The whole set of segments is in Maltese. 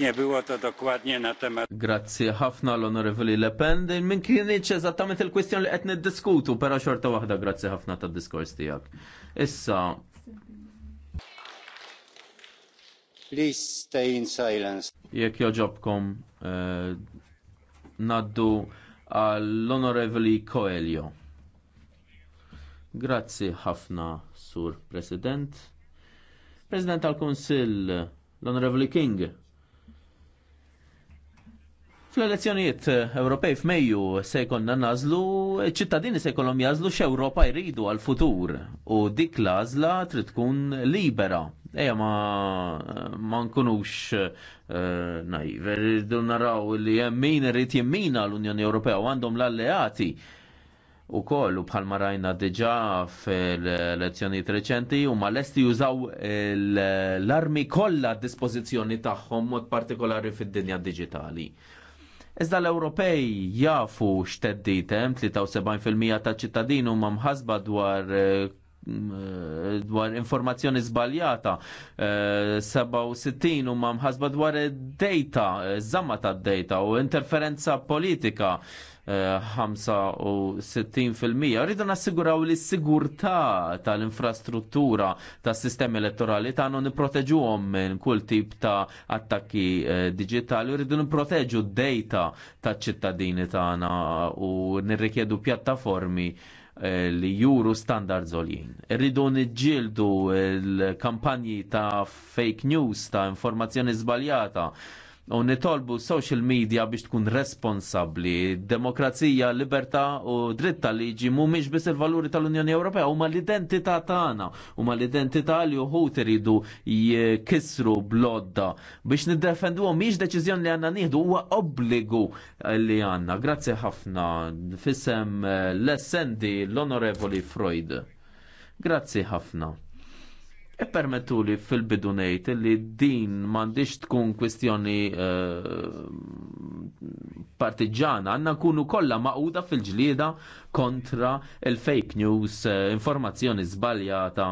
nie było to dokładnie na temat. Grazzi ħafna l-Onorevoli Le Pen, minn kienieċ eżattament il kwestjon li qed niddiskutu, però xorta waħda Grazie ħafna tad diskors tiegħek. Issa. Please stay in silence. Jek joġobkom eh, naddu għall-Onorevoli Coelho. Grazzi ħafna, Sur President. President tal-Kunsill, l-Onorevoli King, Fl-elezzjonijiet Ewropej f'Mejju se jkollna nażlu, ċittadini se jkollhom jażlu x'Ewropa jridu għal futur u dik l-għażla trid tkun libera. Eja ma ma nkunux uh, naiv, rridu naraw li jemmin irrid jemmina l-Unjoni Ewropea u għandhom l-alleati u koll u bħal marajna diġa fil elezzjonijiet reċenti u mal-esti jużaw l-armi kollha a dispożizzjoni tagħhom mod partikolari fid-dinja digitali. Iżda l-Ewropej jafu x'tedditem 73% ta' ċittadin huma mħasba dwar eh, eh, dwar informazzjoni zbaljata, 67 eh, huma mħasba dwar data, zamma ta' data u interferenza politika 65%. Rridu nassiguraw li s-sigurtà tal-infrastruttura tas sistemi elettorali tagħna nipproteġuhom minn kull tip ta' attakki eh, digitali, rridu nipproteġu d-data taċ-ċittadini tagħna u nirrikjedu pjattaformi eh, li juru standards oljien. Rridu nġildu l-kampanji ta' fake news, ta' informazzjoni zbaljata u nitolbu social media biex tkun responsabli. Demokrazija, libertà u dritt tal-liġi mhumiex biss il-valuri tal-Unjoni Ewropea, huma l-identità tagħna, huma l-identità li uħut iridu jkissru blodda biex niddefenduhom mhix deċiżjoni li għandna nieħdu huwa obbligu li għandna. Grazzi ħafna fisem eh, l-essendi l-Onorevoli Freud. Grazzi ħafna. Ippermettu li fil-bidu ngħid li din m'għandix tkun kwestjoni eh, partiġana, għandna nkunu kollha maquda fil-ġlieda kontra il-fake news, eh, informazzjoni żbaljata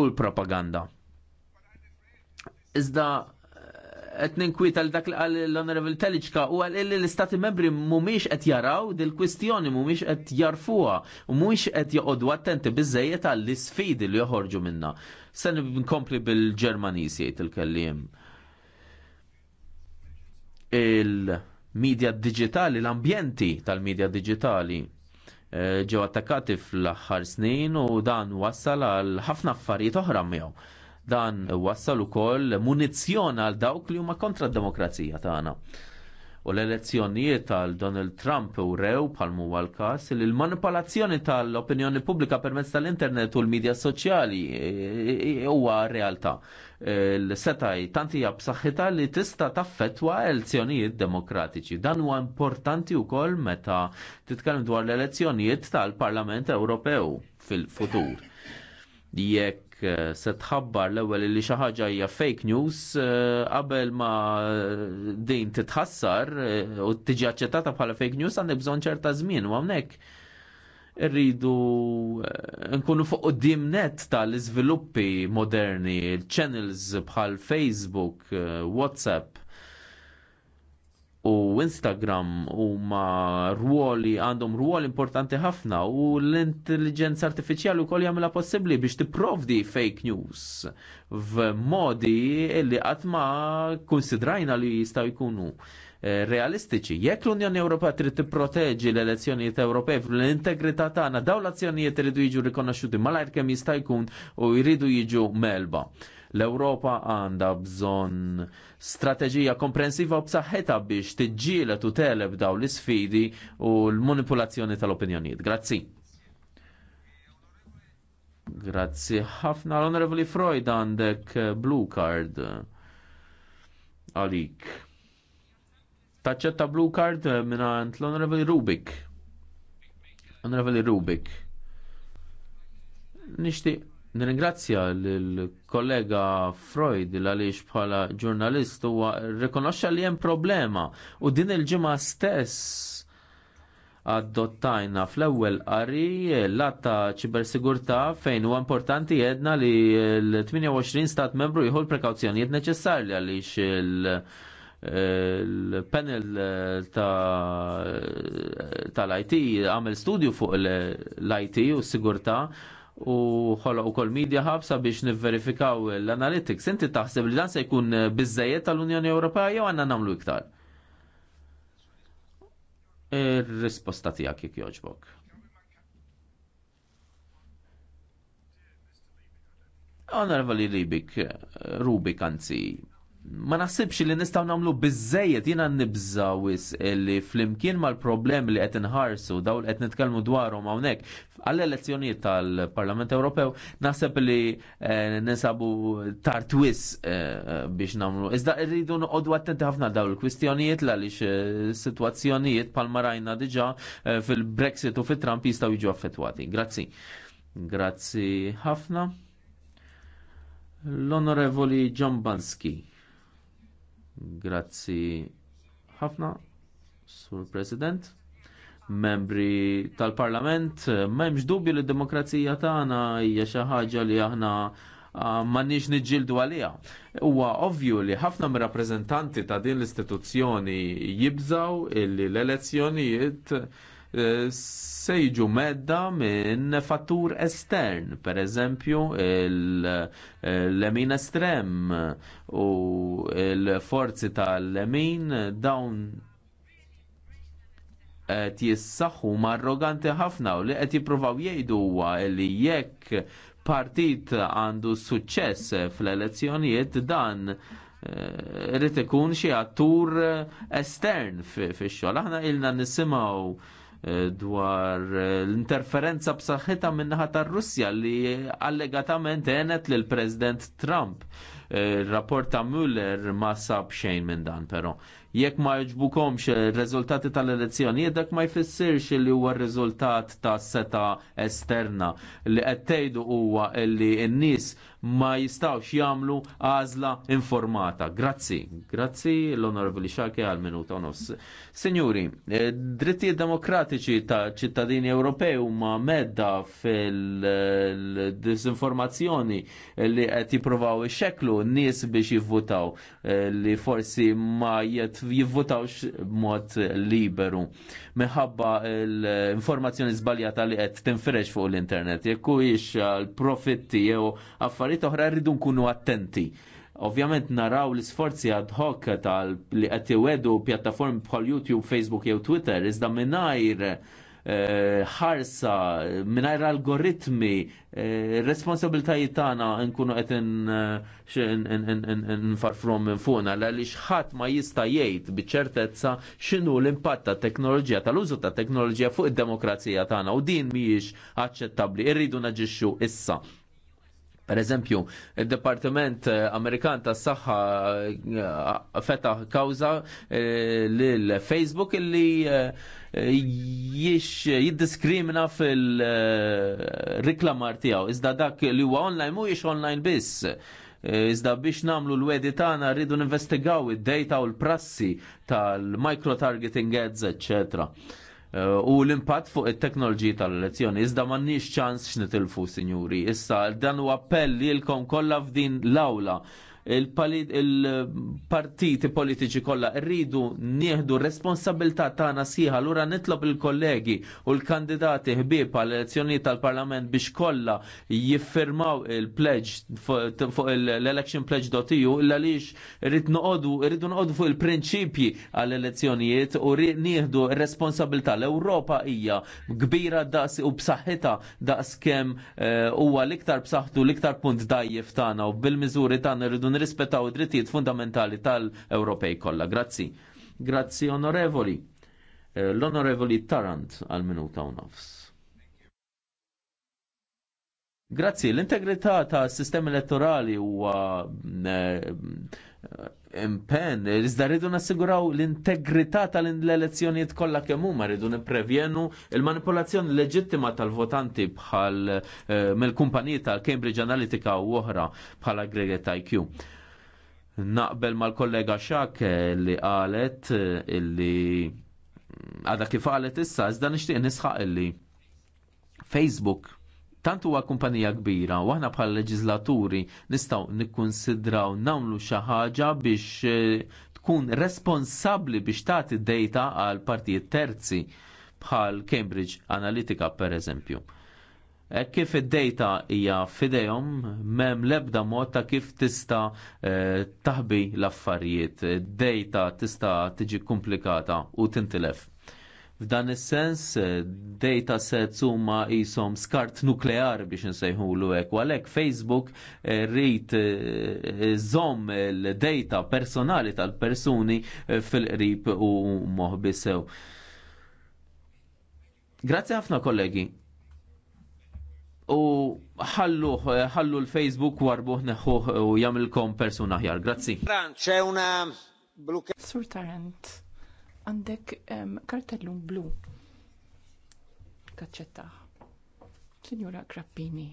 u l-propaganda. Iżda qed ninkwita l dak l-Honorable Telliġka u għal illi l-Istati membri mhumiex qed jaraw dil-kwistjoni mhumiex qed jarfuha u mhumiex qed joqogħdu attenti biżejjed għall isfidi li joħorġu minna. Se nkompli bil-Ġermaniż jgħid il-kelliem. Il-medja digitali, l-ambjenti tal-medja digitali eh, ġew attakati fl-aħħar snin u dan wassal għal ħafna affarijiet oħra miegħu Dan wassal ukoll munizzjon għal dawk li huma kontra d-demokrazija tagħna. U l-elezzjonijiet tal Donald Trump u rew palmu għal-kas li l-manipolazzjoni tal-opinjoni pubblika permezz tal-internet u l-medja soċjali e, e, e, huwa realtà. L-setaj tantija b'saħħitha li tista' taffetwa elezzjonijiet demokratiċi. Dan huwa importanti wkoll meta titkellem dwar l-elezzjonijiet tal-Parlament Ewropew fil-futur. Jekk Eh, se tħabbar l-ewwel li xi ħaġa hija fake news eh, qabel ma eh, din titħassar u tiġi aċċettata bħala fake news għandek bżonn ċerta żmien u hawnhekk irridu nkunu fuq qudiem net tal-iżviluppi moderni, channels bħal Facebook, WhatsApp u Instagram huma ruoli għandhom ruol importanti ħafna u l-intelligenza artifiċjali wkoll jagħmilha possibbli biex tipprovdi fake news f'modi li qatt ma konsidrajna li jistgħu jkunu eh, realistiċi. Jekk l-Unjoni Ewropea trid tipproteġi l-elezzjonijiet Ewropej fl-integrità tagħna dawn l-azzjonijiet iridu jiġu rikonoxxuti malajr kemm jista' jkun u jridu jiġu melba. L-Ewropa għandha bżonn strateġija komprensiva u b'saħħetha biex tiġielet u teleb daw l-isfidi u l-manipulazzjoni tal-opinjonijiet. Grazzi. Grazzi ħafna l-Onorevoli Freud għandek eh, blue card għalik. Taċċetta blue card eh, minnant l-Onorevoli Rubik. Onorevoli Rubik. Nishti Nirringrazzja l-kollega Freud għaliex bħala ġurnalist huwa rikonoxxa li hemm problema u din il-ġimgħa stess adottajna fl-ewwel qari l-att ta' ċibersigurtà fejn huwa importanti jedna li l-28 stat membru jħu l-prekawzjonijiet neċessarji għaliex il- il-panel tal-IT ta għamel studju fuq l-IT u s-sigurta u ħoloq ukoll media ħabsa biex nivverifikaw l-analytics. Inti taħseb li dan se jkun biżejjed tal-Unjoni Ewropea jew għanna nagħmlu iktar? Ir-risposta tiegħek jekk joġbok. Onorevoli Libik, Rubik anzi, ma naħsibx li nistaw namlu bizzejiet jina nibza wis li flimkien mal problemi li qed inħarsu daw li qed nitkellmu dwarhom hawnhekk għall-elezzjonijiet tal-Parlament Ewropew naħseb li eh, nisabu tard wis eh, biex namlu. Iżda rridu noqogħdu attenti ħafna daw il-kwistjonijiet għaliex eh, sitwazzjonijiet pal marajna diġà fil-Brexit u fil trump jistgħu jiġu affettwati. Grazzi. Grazzi ħafna. L-Onorevoli Ġambanski. Grazzi ħafna, Sur President. Membri tal-Parlament, m'hemmx dubju li d-demokrazija tagħna hija xi ħaġa li aħna ah, m'għandniex niġġieldu għaliha. Huwa ovvju li ħafna mir-rappreżentanti ta' din l-istituzzjoni jibżaw illi l-elezzjonijiet Eh, se jiġu medda minn fattur estern, per eżempju l-lemin eh, estrem u l-forzi tal-lemin dawn qed jissaħħu marroganti ħafna u li qed jippruvaw jgħidu huwa li jekk partit għandu suċċess fl-elezzjonijiet dan eh, rrid ikun xi attur estern fix-xogħol. Aħna ilna nisimgħu Eh, dwar eh, l-interferenza b'saħħitha min-naħa tar-Russja li allegatament għenet lil President Trump. Eh, il-rapport ta' Müller ma sab xejn minn dan però. Jekk ma jġbukomx il-rezultati tal-elezzjoni, dak ma jfissirx li huwa r-riżultat ta' seta esterna li qed tgħidu huwa li n-nies ma jistawx jagħmlu għażla informata. Grazzi, grazzi l-Onorevoli Xaki għal minuta u nofs. Sinjuri, eh, drittijiet demokratiċi ta' ċittadini Ewropej ma medda fil-disinformazzjoni li qed jiprovaw ixxeklu nis nies biex jivvutaw eh, li forsi ma jivvutawx b'mod liberu. Minħabba l-informazzjoni żbaljata li qed tinferex fuq l-internet, jekk huwiex għal profitti jew affarijiet affarijiet oħra rridu nkunu attenti. Ovvjament naraw l-isforzi ad hoc tal li qed iwedu pjattaform bħal YouTube, Facebook jew Twitter iżda mingħajr eh, ħarsa mingħajr algoritmi eh, responsabiltajiet tagħna nkunu qed eh, nfarfrom minn fuqna għaliex ħadd ma jista' jgħid biċ-ċertezza x'inhu l-impatt tat teknoloġija tal-użu tat teknoloġija fuq id-demokrazija tagħna u din mhijiex aċċettabbli, irridu naġixxu issa Per eżempju, il-Departiment eh, Amerikan tas saħħa eh, feta kawza eh, l Facebook li jiex jiddiskrimina fil-riklamar tiegħu. Iżda dak li huwa online mhuwiex online biss. Iżda biex namlu l-wedi tagħna rridu investigaw id-data u l-prassi tal-micro-targeting ads, eccetera. Eh, u l-impatt fuq it teknoloġi tal-elezzjoni. Iżda m'għandniex ċans x'nitilfu, sinjuri. Issa dan u appell lilkom kollha f'din l-awla il-partiti politiċi kollha rridu nieħdu responsabilità tagħna sieħa lura nitlob il-kollegi u l-kandidati ħbieb għal elezzjonijiet tal-Parlament biex kollha jiffirmaw il-pledge fuq l-election pledge.eu illa lix rrid noqogħdu rridu noqogħdu fuq il-prinċipji għal elezzjonijiet u nieħdu responsabilità l-Ewropa hija kbira daqs u b'saħħitha daqs kemm eh, huwa l-iktar b'saħħtu l-iktar punt dajjef tagħna u bil-miżuri tagħna rridu nirrispettaw id-drittijiet fundamentali tal-Ewropej kollha. Grazzi. Grazzi onorevoli. Eh, l-onorevoli Tarant għal minuta u nofs. Grazzi, l-integrità ta' sistem elettorali huwa eh, impen, iżda rridu nassiguraw l-integrità tal-elezzjonijiet kollha kemm huma rridu neprevjenu il-manipolazzjoni leġittima tal-votanti bħal eh, mill-kumpaniji tal-Cambridge Analytica u oħra bħal aggregate IQ. Naqbel mal-kollega Xak li qalet eh, illi għada kif qalet issa, iżda nixtieq nisħaq illi Facebook Tant huwa kumpanija kbira u aħna bħal leġislaturi nistgħu nikkunsidraw nagħmlu xi ħaġa biex eh, tkun responsabbli biex tagħti data għal partijiet terzi bħal Cambridge Analytica pereżempju. Eh, kif id-data hija fidejhom m'hemm l-ebda mod ta' kif tista' eh, taħbi l-affarijiet. Data tista' tiġi komplikata u tintilef. F'dan is-sens, eh, data sets huma qishom skart nukleari biex insejħulu hekk, u għalhekk Facebook eh, rrit eh, żomm il-data personali tal-persuni fil-qrib u moħbisew. Grazzi ħafna kollegi. U ħallu ħallu l-Facebook warbuħ neħuħ u jamilkom persuna ħjar. Grazzi. Sur Tarant għandek kartellum blu. Taċċettaħ. Signora Grappini.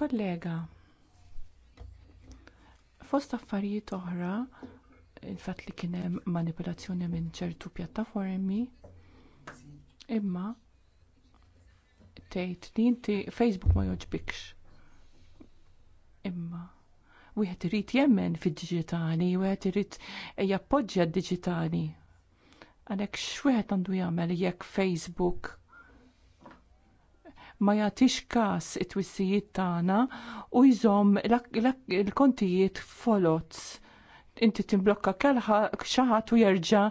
Kollega, fost affarijiet oħra, il fat li kien hemm manipolazzjoni minn ċertu pjattaformi, imma tgħid li inti Facebook ma jogħġbikx. Imma Wieħed irid jemmen fid-diġitali, wieħed irid eh, jappoġġja d-diġitali. Għalhekk x'wieħed għandu jagħmel jekk Facebook ma jagħtix każ it-twissijiet tagħna u jżomm l-kontijiet folots inti timblokka kelħa xaħat u jerġa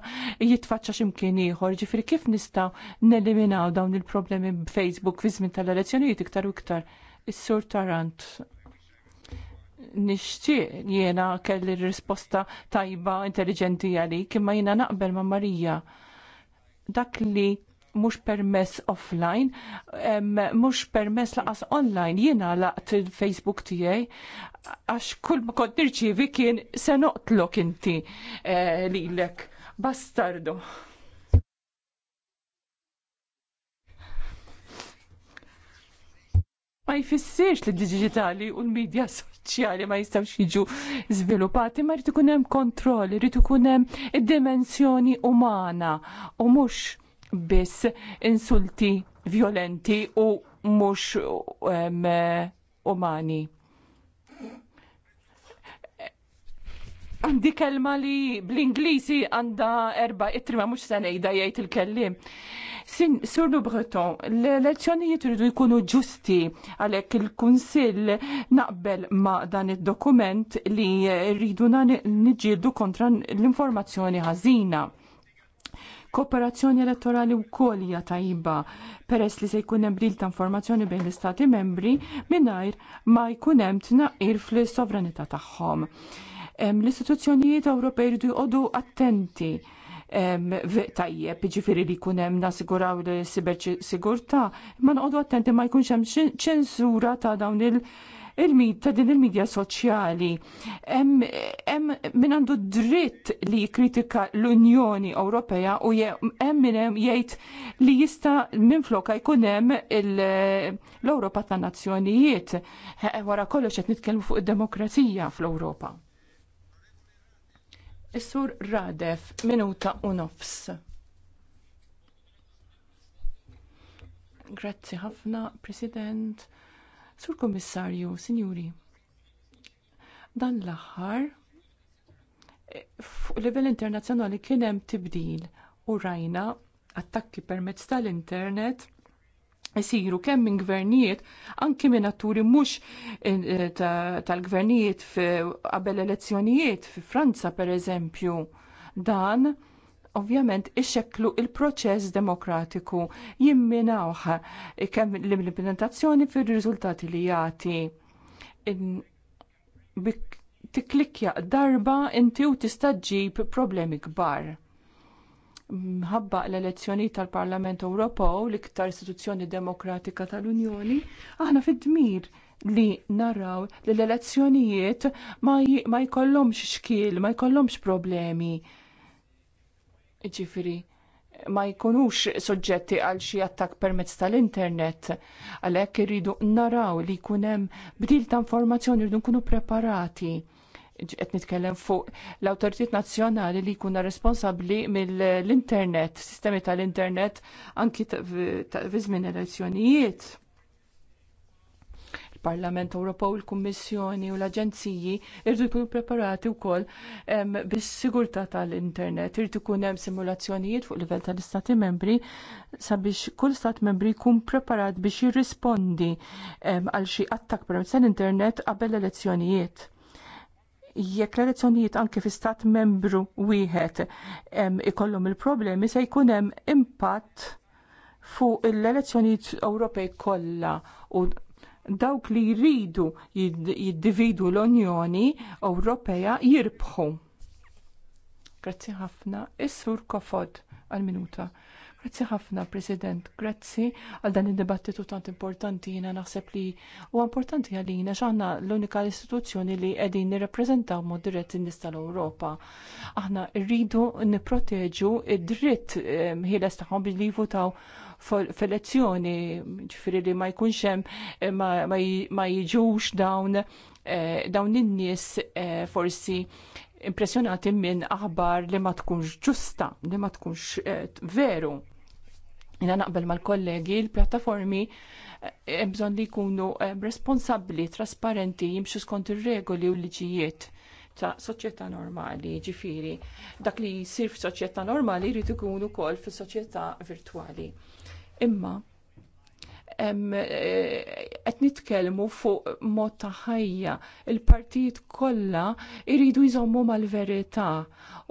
jitfaċċa ximkien ieħor. Ġifieri kif nistgħu neliminaw dawn il-problemi b'Facebook fi żmien tal-elezzjonijiet iktar u iktar. Is-Sur Tarant nixtieq jiena kelli risposta tajba intelligenti għali imma jiena naqbel ma' Marija. Dak li mhux permess offline, mhux permess laqas online, jiena laqt il-Facebook tiegħi għax kull ma kont nirċievi kien se noqtlok inti eh, lilek. Bastardu. Ma jfissirx li digitali u l-medja kummerċjali ma jistawx jiġu żviluppati, ma rrid ikun hemm kontroll, rrid ikun hemm dimensjoni umana u mhux biss insulti violenti u mhux um, umani. Għandi kelma li bl-Inglisi għanda erba mhux mux sanejda jgħid il-kellim. Sur Breton, l-elezzjonijiet rridu jkunu ġusti għalhekk il-Kunsill naqbel ma' dan id-dokument li rridu niġġieldu kontra l-informazzjoni ħażina kooperazzjoni elettorali wkoll hija tajba peress li se jkun hemm bril ta' informazzjoni bejn l-istati membri mingħajr ma jkun hemm tnaqqir fl-sovranità tagħhom. L-istituzzjonijiet Ewropej rridu jqogħdu attenti tajjeb, ġifiri li kunem nasiguraw l sigurta, ma noqdu attenti ma jkunx hemm ċensura ta' dawn il- il ta' din il-medja soċjali. Hemm min għandu dritt li kritika l-Unjoni Ewropea u hemm min hemm jgħid li jista' minfloka jkun hemm l-Ewropa tan nazzjonijiet. Wara kollox qed nitkellmu fuq id-demokrazija fl-Ewropa. Is-sur Radef, minuta u nofs. Grazzi ħafna, President, Sur Kommissarju, Sinjuri. Dan l-aħħar eh, fuq livell internazzjonali kien hemm tibdil u rajna attakki permezz tal-internet jisiru kemm minn gvernijiet, anki minn atturi mhux eh, tal-gvernijiet qabel elezzjonijiet fi Franza pereżempju. Dan ovvjament ixekklu il-proċess demokratiku jimminawħ kemm l-implementazzjoni fir-riżultati li jagħti. Tiklikja darba inti u tista' ġib problemi kbar mħabba l-elezzjoni tal-Parlament Ewropew l-iktar istituzzjoni demokratika tal-Unjoni, aħna fid-dmir li naraw li l-elezzjonijiet ma jkollhomx xkil, ma jkollhomx problemi. Ġifiri, ma jkunux soġġetti għal xi attak permezz tal-internet. Għalhekk irridu naraw li jkun hemm bdil ta' informazzjoni rridu nkunu preparati qed nitkellem fuq l awtoritiet nazzjonali li jkunu responsabbli mill-internet, sistemi tal-internet anki fi żmien elezzjonijiet. Il-Parlament Ewropew, il-Kummissjoni u l-Aġenziji irdu jkunu preparati wkoll bis-sigurtà tal-internet, irdu jkun hemm simulazzjonijiet fuq livell tal-Istati membri sabiex kull stat membri jkun preparat biex jirrispondi għal xi attakk permezz tal-internet qabel l-elezzjonijiet jekk l-elezzjonijiet anke fi stat membru wieħed ikollhom il-problemi se jkun hemm impatt fuq l-elezzjonijiet Ewropej kollha u dawk li jridu jiddividu l-Unjoni Ewropea jirbħu. Grazzi ħafna. Is-sur Kofod għal-minuta. Grazzi ħafna, President. Grazzi għal dan id-dibattitu tant importanti jina naħseb li u importanti għalina xaħna l-unika istituzzjoni li qegħdin nirrappreżentaw mod dirett in-nies tal-Ewropa. Aħna rridu nipproteġu id-dritt ehm, ħieles tagħhom li jivutaw f'elezzjoni, ġifiri li ma jkunx hemm eh, ma jiġux dawn eh, dawn in-nies eh, forsi impressjonati minn aħbar li ma tkunx ġusta, li ma tkunx veru jina naqbel mal-kollegi, l-pjattaformi eh, bżon li jkunu eh, responsabli, trasparenti, jimxu skont ir-regoli u liġijiet ta' soċjetà normali, ġifiri. Dak li jisir f'soċjetà normali jrid ikunu kol fis-soċjetà virtwali. Imma Eh, qed nitkellmu fuq mod ta' ħajja il-partijiet kollha jridu jżommu mal-verità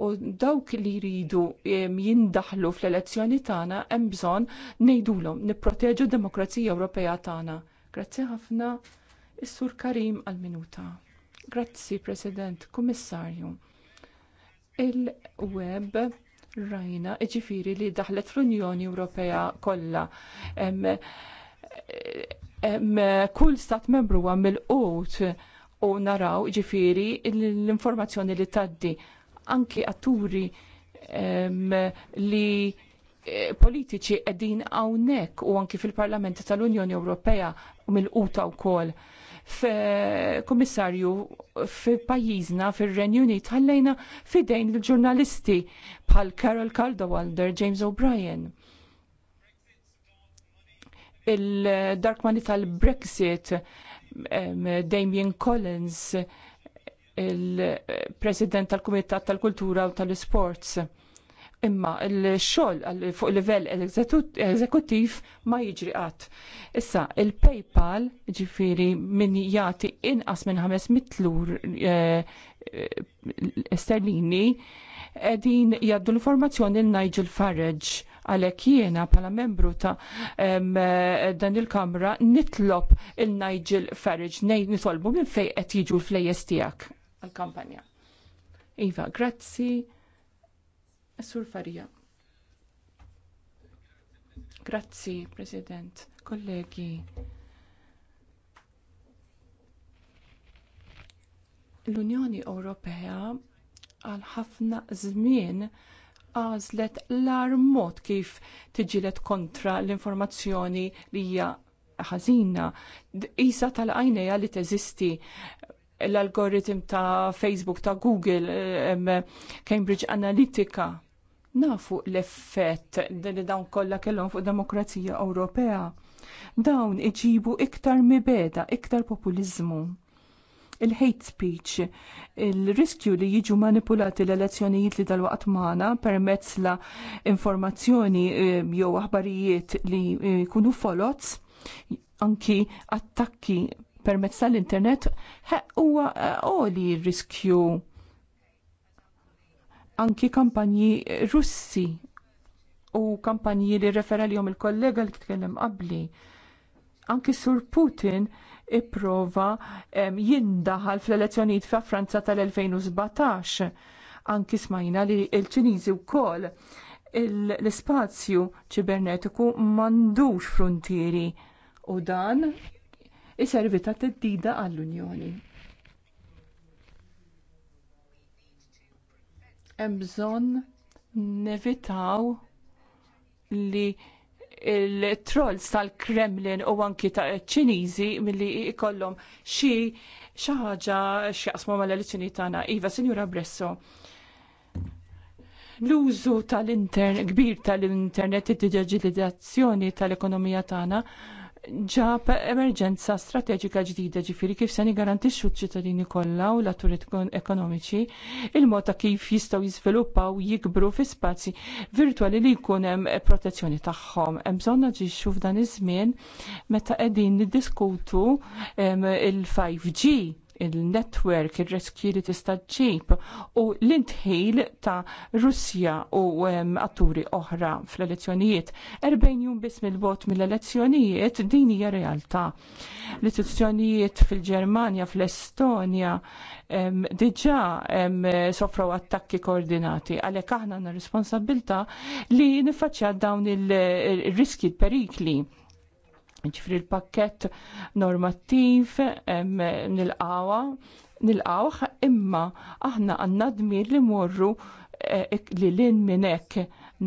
u dawk li jridu jindaħlu fl-elezzjoni tagħna hemm bżonn ngħidulhom nipproteġu d-demokrazija Ewropea tagħna. Grazzi ħafna is-Sur Karim għall minuta Grazzi President, Kummissarju. Il-web rajna ġifiri li daħlet fl-Unjoni Ewropea kollha kull stat membru għam il-qut u naraw ġifiri l-informazzjoni li taddi anki atturi li eh, politiċi edin għawnek u anki fil-Parlament tal-Unjoni Ewropea mill-quta u kol. Komissarju, fil-pajizna, fil-Renju Unit, ħallejna fidejn il-ġurnalisti bħal Carol Caldowalder, James O'Brien il-darkmani tal-Brexit, Damien Collins, il-President tal-Kumitat tal-Kultura u tal-Sports. Imma il-xogħol fuq livell eżekuttiv ma jiġri Issa, il-PayPal ġifiri min jagħti inqas minn ħames lur eh, eh, sterlini qegħdin jgħaddu l-informazzjoni l Nigel Farage Għalhekk jiena bħala membru ta' eh, dan il-Kamra nitlob il-Nigel Farage ngħid nitolbu minn fejn qed jiġu l-flejjes tiegħek għall-kampanja. Iva, grazzi. Sur Farija. Grazzi, President, kollegi. L-Unjoni Ewropea għal ħafna żmien għażlet l armot mod kif tiġilet kontra l-informazzjoni li hija ħażina. Isa tal għajneja li teżisti l-algoritm ta' Facebook, ta' Google, Cambridge Analytica. Nafu l-effett li dawn kollha kellhom fuq demokrazija Ewropea. Dawn iġibu iktar mibeda, iktar populiżmu il-hate speech, il-riskju li jiġu manipulati l-elezzjonijiet li dal-waqt magħna permezz la informazzjoni eh, jew aħbarijiet li eh, jkunu folots, anki attakki permezz tal-internet, huwa eh, oli riskju anki kampanji russi u kampanji li referali il-kollega li tkellem qabli. Anki sur Putin ipprova jindaħal fl-elezzjonijiet fa' Franza tal-2017. Anki smajna li l-Ċiniżi wkoll l-ispazju ċibernetiku m'għandux frontieri u dan iservi ta' teddida għall-Unjoni. Hemm bżonn nevitaw li il-trolls tal-Kremlin u anki ta' ċiniżi milli ikollhom xi xi ħaġa x'jaqsmu mal-elezzjoni tagħna. Iva, Sinjura Bresso, l-użu tal-intern kbir tal-internet id-digitalizzazzjoni tal-ekonomija tagħna ġab emerġenza strateġika ġdida ġifiri kif se nigarantixxu ċ-ċittadini kollha u l-atturi ekonomiċi il-mod ta' kif jistgħu jiżviluppaw jikbru fi spazji virtwali li jkun hemm protezzjoni tagħhom. Hemm bżonn naġixxu f'dan iż-żmien meta qegħdin niddiskutu il-5G il-network, ir reskju li tista' ġib u l-intħil ta' Russja u atturi oħra fl-elezzjonijiet. 40 jum biss mill-vot mill-elezzjonijiet din hija realtà. L-istituzzjonijiet fil-Ġermanja, fl-Estonja diġà sofraw attakki koordinati għalhekk aħna għandna responsabilta li nifaċċja dawn il-riski, il-perikli. il riski il il riski il perikli ġifri l-pakket normattiv nil-qawa, nil imma aħna għanna dmir li morru e, li l-in minnek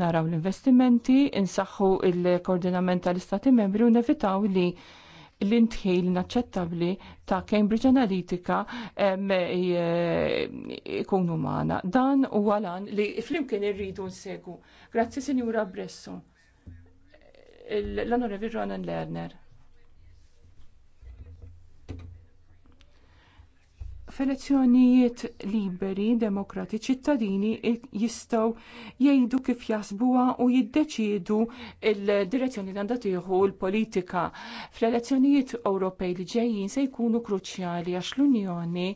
naraw l-investimenti, insaxħu il-koordinament tal-istati membri u nevitaw li l-intħil naċċettabli ta' Cambridge Analytica e, ikunu maħna. Dan u għalan li flimkien irridu nsegu. Grazzi, Signora Bresso l-Onorevi Ronan Lerner. F'elezzjonijiet liberi, demokratiċi, ċittadini jistgħu jgħidu kif jaħsbuha u jiddeċiedu il-direzzjoni li għandha tieħu l-politika. Fl-elezzjonijiet Ewropej li ġejjin se jkunu kruċjali għax l-Unjoni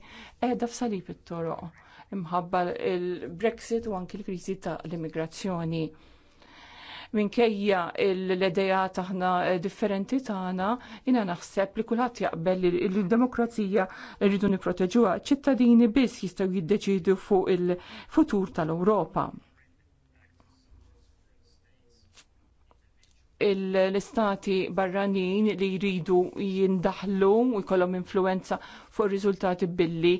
qiegħda f'salib it-toroq imħabba il-Brexit u anki l-kriżi ta' l-immigrazzjoni minkejja l-edeja taħna eh, differenti taħna, jina naħseb li kulħadd jaqbel li l-demokrazija rridu niproteġuha ċittadini biss jistgħu jiddeċidu fuq il-futur tal-Ewropa. l-istati barranin li jridu jindaħlu u jkollhom influenza fuq riżultati billi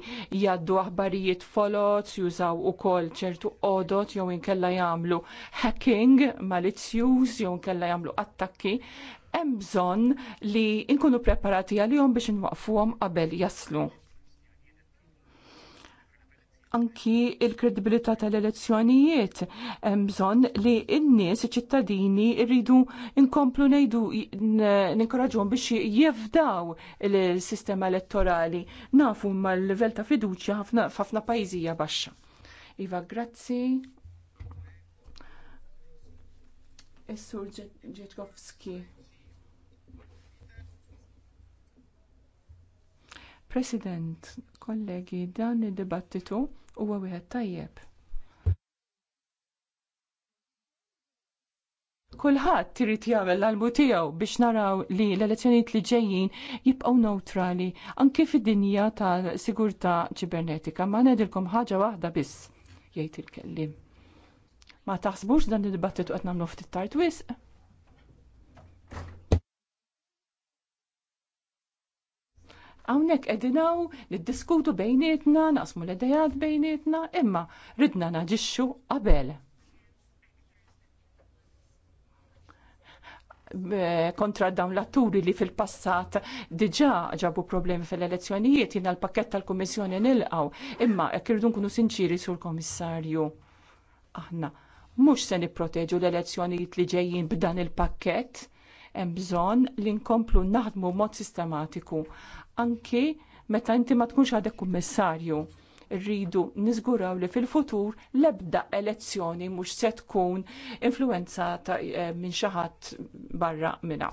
jaddu aħbarijiet folot, jużaw ukoll ċertu odot jew inkella jagħmlu hacking malizzjuż jew inkella jagħmlu attakki hemm bżonn li nkunu preparati għalihom biex nwaqfuhom qabel jaslu anki il-kredibilità tal-elezzjonijiet. Hemm bżonn li n-nies iċ-ċittadini rridu nkomplu ngħidu ninkoraġġuhom biex jifdaw il-sistema elettorali. Nafu ma l-livell ta' fiduċja ħafna pajjiżija baxxa. Iva, grazzi. Is-sur Ġetkowski. President, kollegi, dan id-dibattitu huwa wieħed tajjeb. Kulħadd irid jagħmel l-albu tiegħu biex naraw li l-elezzjonijiet li ġejjin jibqgħu neutrali anke fid-dinja tal-sigurtà ċibernetika. Ma ngħidilkom ħaġa waħda biss jgħid il kelliem Ma taħsbux dan id-dibattitu qed nagħmlu ftit tard wisq? Hawnhekk qegħdinaw niddiskutu bejnietna, naqsmu l-idejat bejnietna, imma ridna naġixxu qabel. kontra dawn l-atturi li fil-passat diġa ġabu problemi fil-elezzjonijiet jina l-pakket tal komissjoni nilqaw. Imma kirdun irridu nkunu sinċiri sur komissarju. Aħna mhux se nipproteġu l-elezzjonijiet li ġejjin b'dan il-pakket hemm bżonn li nkomplu naħdmu mod sistematiku anki meta inti ma tkunx għadek kummissarju. Rridu niżguraw li fil-futur l-ebda elezzjoni mhux se tkun influenzata eh, minn xi ħadd barra minna.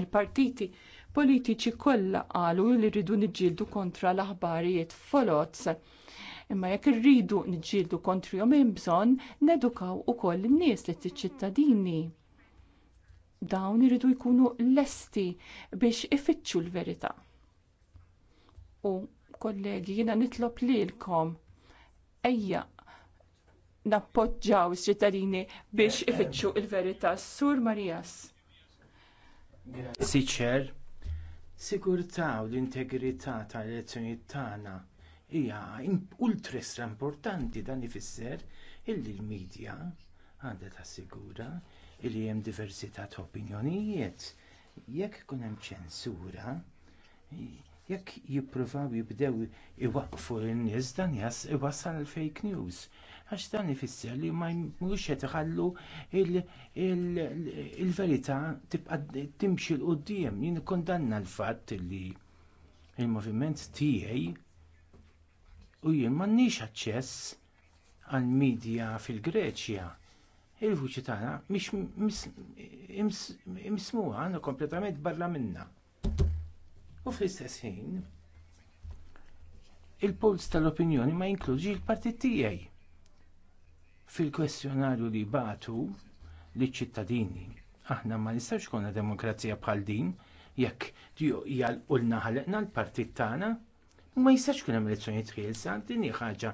Il-partiti politiċi kollha qalu li rridu niġġieldu kontra l-aħbarijiet folots. Imma jekk irridu niġġieldu kontri jom imbżon nedukaw ukoll in-nies li t-ċittadini. Dawn iridu jkunu lesti biex ifittxu l-verità u kollegi jiena nitlob lilkom ejja nappoġġaw s ċittadini biex ifittxu il-verità sur Marijas. Siċer, sigurtà u l-integrità tal elezzjoni tagħna hija ultra importanti dan ifisser illi l-medja għandha sigura li hemm diversità ta' opinjonijiet. Jekk ikun hemm ċensura, Jekk jippruvaw jibdew iwaqfu n-nies dan jas iwassal fake news għax dan ifisser li ma mhux qed iħallu il-verità tibqa' timxi l qudiem jien kondanna l-fatt li l moviment tiegħi u jien m'għandniex aċċess għall midja fil-Greċja. Il-vuċi tagħna mhix imsmuha għandna kompletament barra minnha. U fl-istess ħin, il-pols tal-opinjoni ma jinkluġi l-partit tiegħi. Fil-kwestjonarju li batu li ċittadini, aħna ma nistax konna demokrazija bħal din, jekk jgħal-ulna ħalqna l-partit tagħna, ma jistax kien hemm elezzjonijiet tħielsa din hija ħaġa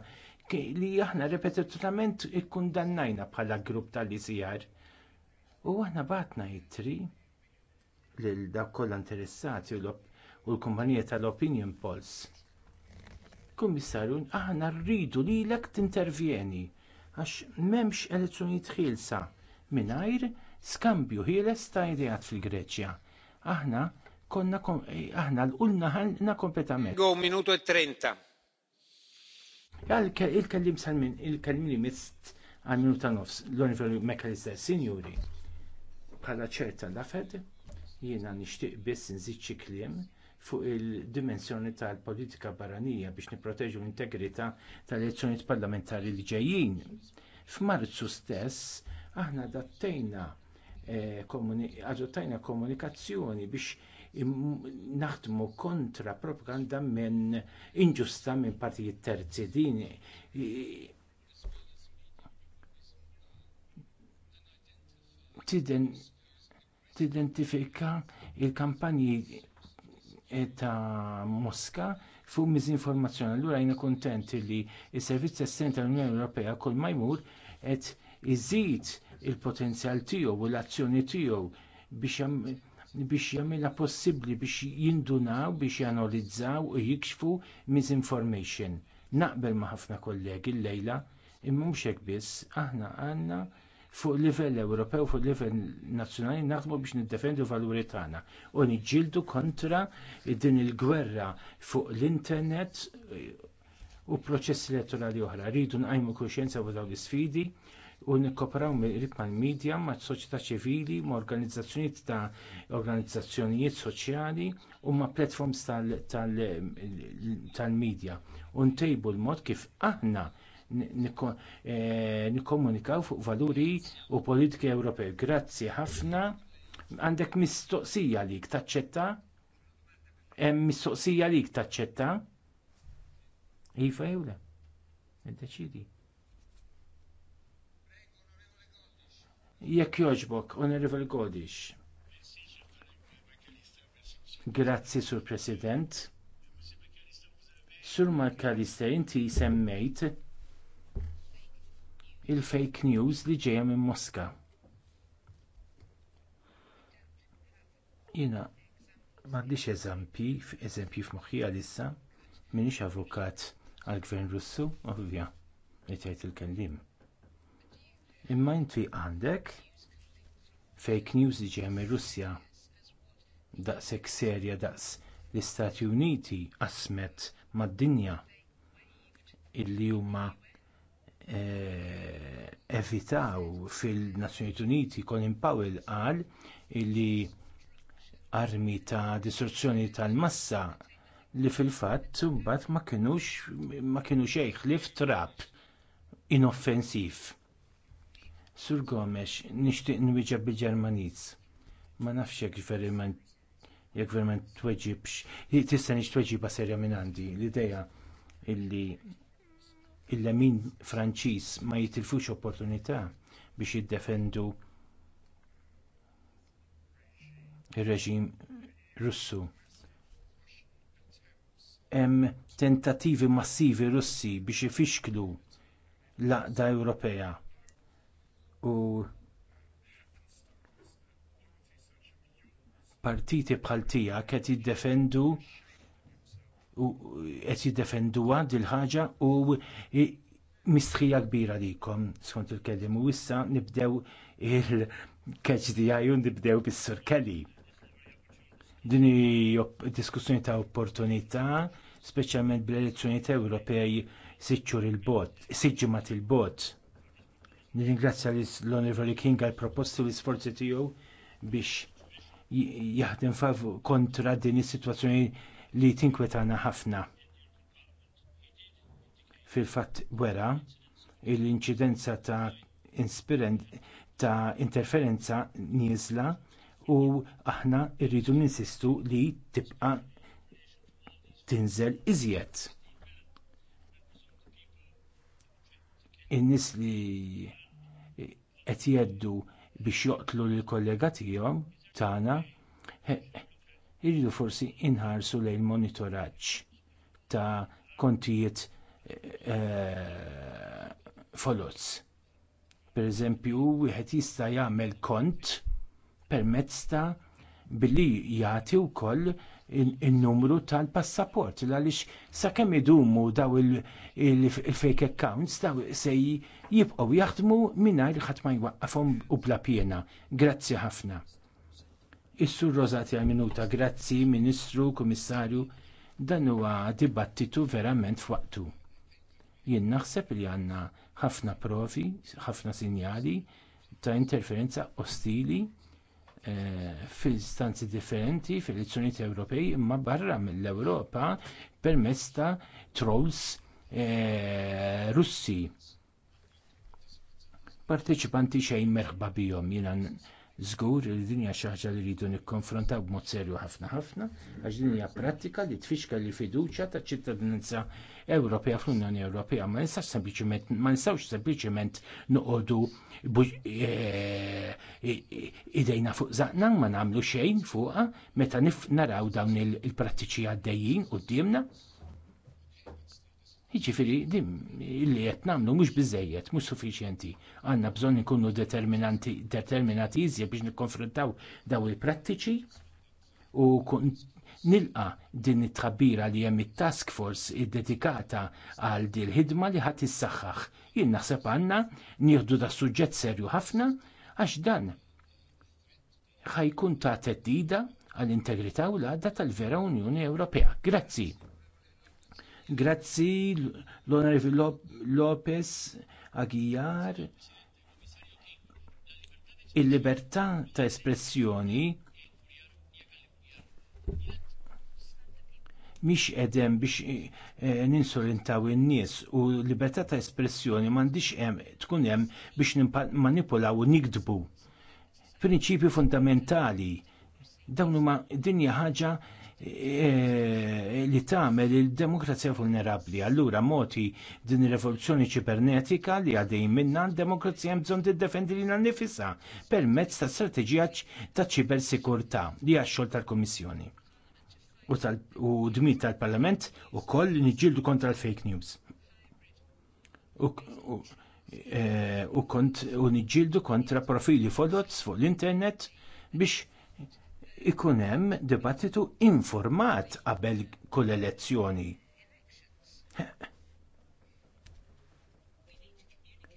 li aħna ripetutament ikkundannajna bħala grupp tal-ICR. U aħna batna jittri lil dak kollha interessati u l u l-kumpanija tal-Opinion Polls. Kummissarju, aħna rridu lilek tintervjeni għax m'hemmx elezzjonijiet ħielsa mingħajr skambju ħieles ta' ideat fil-Greċja. Aħna konna eh, aħna l-qulna ħanna kompletament. Go minuto e 30. Il-kellim sal-min, il-kellim li mist għal minuta nofs, l-onifel mekkalister, Signori. bħala ċerta l-afed, jiena nixtieq biss nżid kliem fuq il-dimensjoni tal-politika barranija biex nipproteġu l-integrità tal-elezzjonijiet parlamentari li ġejjin. F'Marzu stess aħna adattejna eh, adottajna komunikazzjoni biex naħdmu kontra propaganda minn inġusta minn partijiet terzi din tidentifika il-kampanji ta' Mosca fuq miżinformazzjoni. Allura jiena kuntent li s-Servizz Estern tal-Unjoni Ewropea kull ma jmur qed iżid il-potenzjal tiegħu u l-azzjoni tiegħu biex jagħmilha possibbli biex jindunaw biex janalizzaw u jikxfu misinformation. Naqbel ma' ħafna kollegi llejla imma mhux hekk biss aħna għandna fuq livell Ewropew fuq livell nazzjonali naħdmu biex niddefendu valuri tagħna u niġġieldu kontra din il-gwerra fuq l-internet u proċessi elettorali oħra. Rridu nqajmu kuxjenza fuq dawn l-isfidi u nikkopraw mill-qrib mal-medja ma' soċjetà ċivili, ma' organizzazzjonijiet ta' organizzazzjonijiet soċjali u ma' platforms tal-medja. U ntejbu l-mod kif aħna Eh, nikkomunikaw fuq valuri u politika Ewropej. Grazzi ħafna. Għandek mistoqsija lik taċċetta? Hemm mistoqsija lik taċċetta? Iva jew le? Iddeċidi. Jekk jogħġbok, onorevol Godix. Grazzi, Sur President. Sur Markalister, inti semmejt il-fake news li ġejja minn Moska. Jiena m'għandix eżempji eżempji f'moħħi għalissa, m'iniex avukat għall gvern Russu, ovvja, li tgħid il-kellim. Imma inti għandek fake news li ġejja minn Russja daqshekk serja daqs l-Istati Uniti qasmet mad-dinja illi huma Eh, evitaw fil-Nazzjonijiet Uniti Colin Powell qal illi armi ta' distruzzjoni tal-massa li fil-fatt mbagħad ma kinux ma kinux ħlif trap inoffensiv. Sur Gomex, nixtieq nwieġeb bil ġermaniz Ma nafx jekk veriment jek verament tweġibx, tista' nix tweġiba serja minn għandi l-idea illi il-lemin Franċiż ma jitilfux opportunità biex jiddefendu ir-reġim Russu. Hemm tentattivi massivi Russi biex ifixklu l-għaqda Ewropea u partiti bħal tiegħek qed jiddefendu u qed jiddefenduha dil ħaġa u mistħija kbira likom skont il-kellim u issa nibdew il keċ di nibdew bis-sur Kelly. Din diskussjoni ta' opportunità, speċjalment bl-elezzjonijiet Ewropej siċċur il-bot, siġġimat il-bot. Nirringrazzja l-Onorevoli King għal proposti u l-isforzi tiegħu biex jaħdem kontra din is-sitwazzjoni li tinkwetana ħafna. Fil-fatt wera, l-inċidenza ta' ta' interferenza nieżla u aħna rridu ninsistu li tibqa tinżel iżjed. In-nies li qed jgħeddu biex joqtlu lill kollega tiegħu tagħna irridu forsi inħarsu lejn monitoraġġ ta' kontijiet eh, eh, foloz. Per Pereżempju, wieħed jista' jagħmel kont permezz ta' billi jagħti wkoll in-numru tal-passaport għaliex sakemm idumu daw il-fake accounts daw se jibqgħu jaħdmu mingħajr ħadd ma jwaqqafhom u bla pjena. Grazzi ħafna. Is-sur Rosa minuta, grazzi, Ministru, Kummissarju, dan huwa dibattitu verament f'waqtu. Jien naħseb li għandna ħafna provi, ħafna sinjali ta' interferenza ostili eh, fil-stanzi differenti fil-elezzjonijiet Ewropej imma barra mill-Ewropa permezz ta' trolls eh, Russi. Parteċipanti xejn merħba bihom jiena Żgur li din hija xi ħaġa li rridu nikkonfrontaw b'mod serju ħafna ħafna għax din hija prattika li tfixka li fiduċja taċ ċittadinanza Ewropea fl-Unjoni Ewropea ma nistax sempliċement ma nistgħux sempliċement noqogħdu eh, eh, idejna fuq żaqna ma nagħmlu xejn fuqha meta naraw dawn il-prattiċi għaddejjin quddiemna. Jiġifieri dim illi qed nagħmlu mhux bizzejiet, mhux suffiċjenti. Għanna bżonn inkunu determinanti determinati iżjed biex nikkonfrontaw daw il-prattiċi u nilqa din it-tħabbira li hemm it-task force id-dedikata għal din ħidma li ħadd issaħħaħ. Jien naħseb għandna nieħdu da suġġett serju ħafna għax dan ħajkun ta' teddida għall-integrità u l-għadda tal-vera Unjoni Ewropea. Grazzi. Grazzi l-Onorevi Lopez Aguiar. Il-libertà ta' espressjoni mhix edem biex eh, ninsolentaw in-nies u libertà ta' espressjoni m'għandix hemm tkun hemm biex manipulaw u nikdbu. Prinċipju fundamentali dawn huma dinja ħaġa Eh, li tagħmel il-demokrazija vulnerabbli. Allura moti din ir-rivoluzzjoni ċibernetika li għaddej minna l-demokrazija bżonn tiddefendi lilha nnifisha permezz ta' strateġija ta' ċibersikurtà li għax-xogħol tal-Kummissjoni u dmit tal-Parlament u koll niġġieldu kontra l-fake news. Eh, u kont u niġġieldu kontra profili fodots fuq l-internet biex ikun hemm dibattitu informat qabel kull elezzjoni.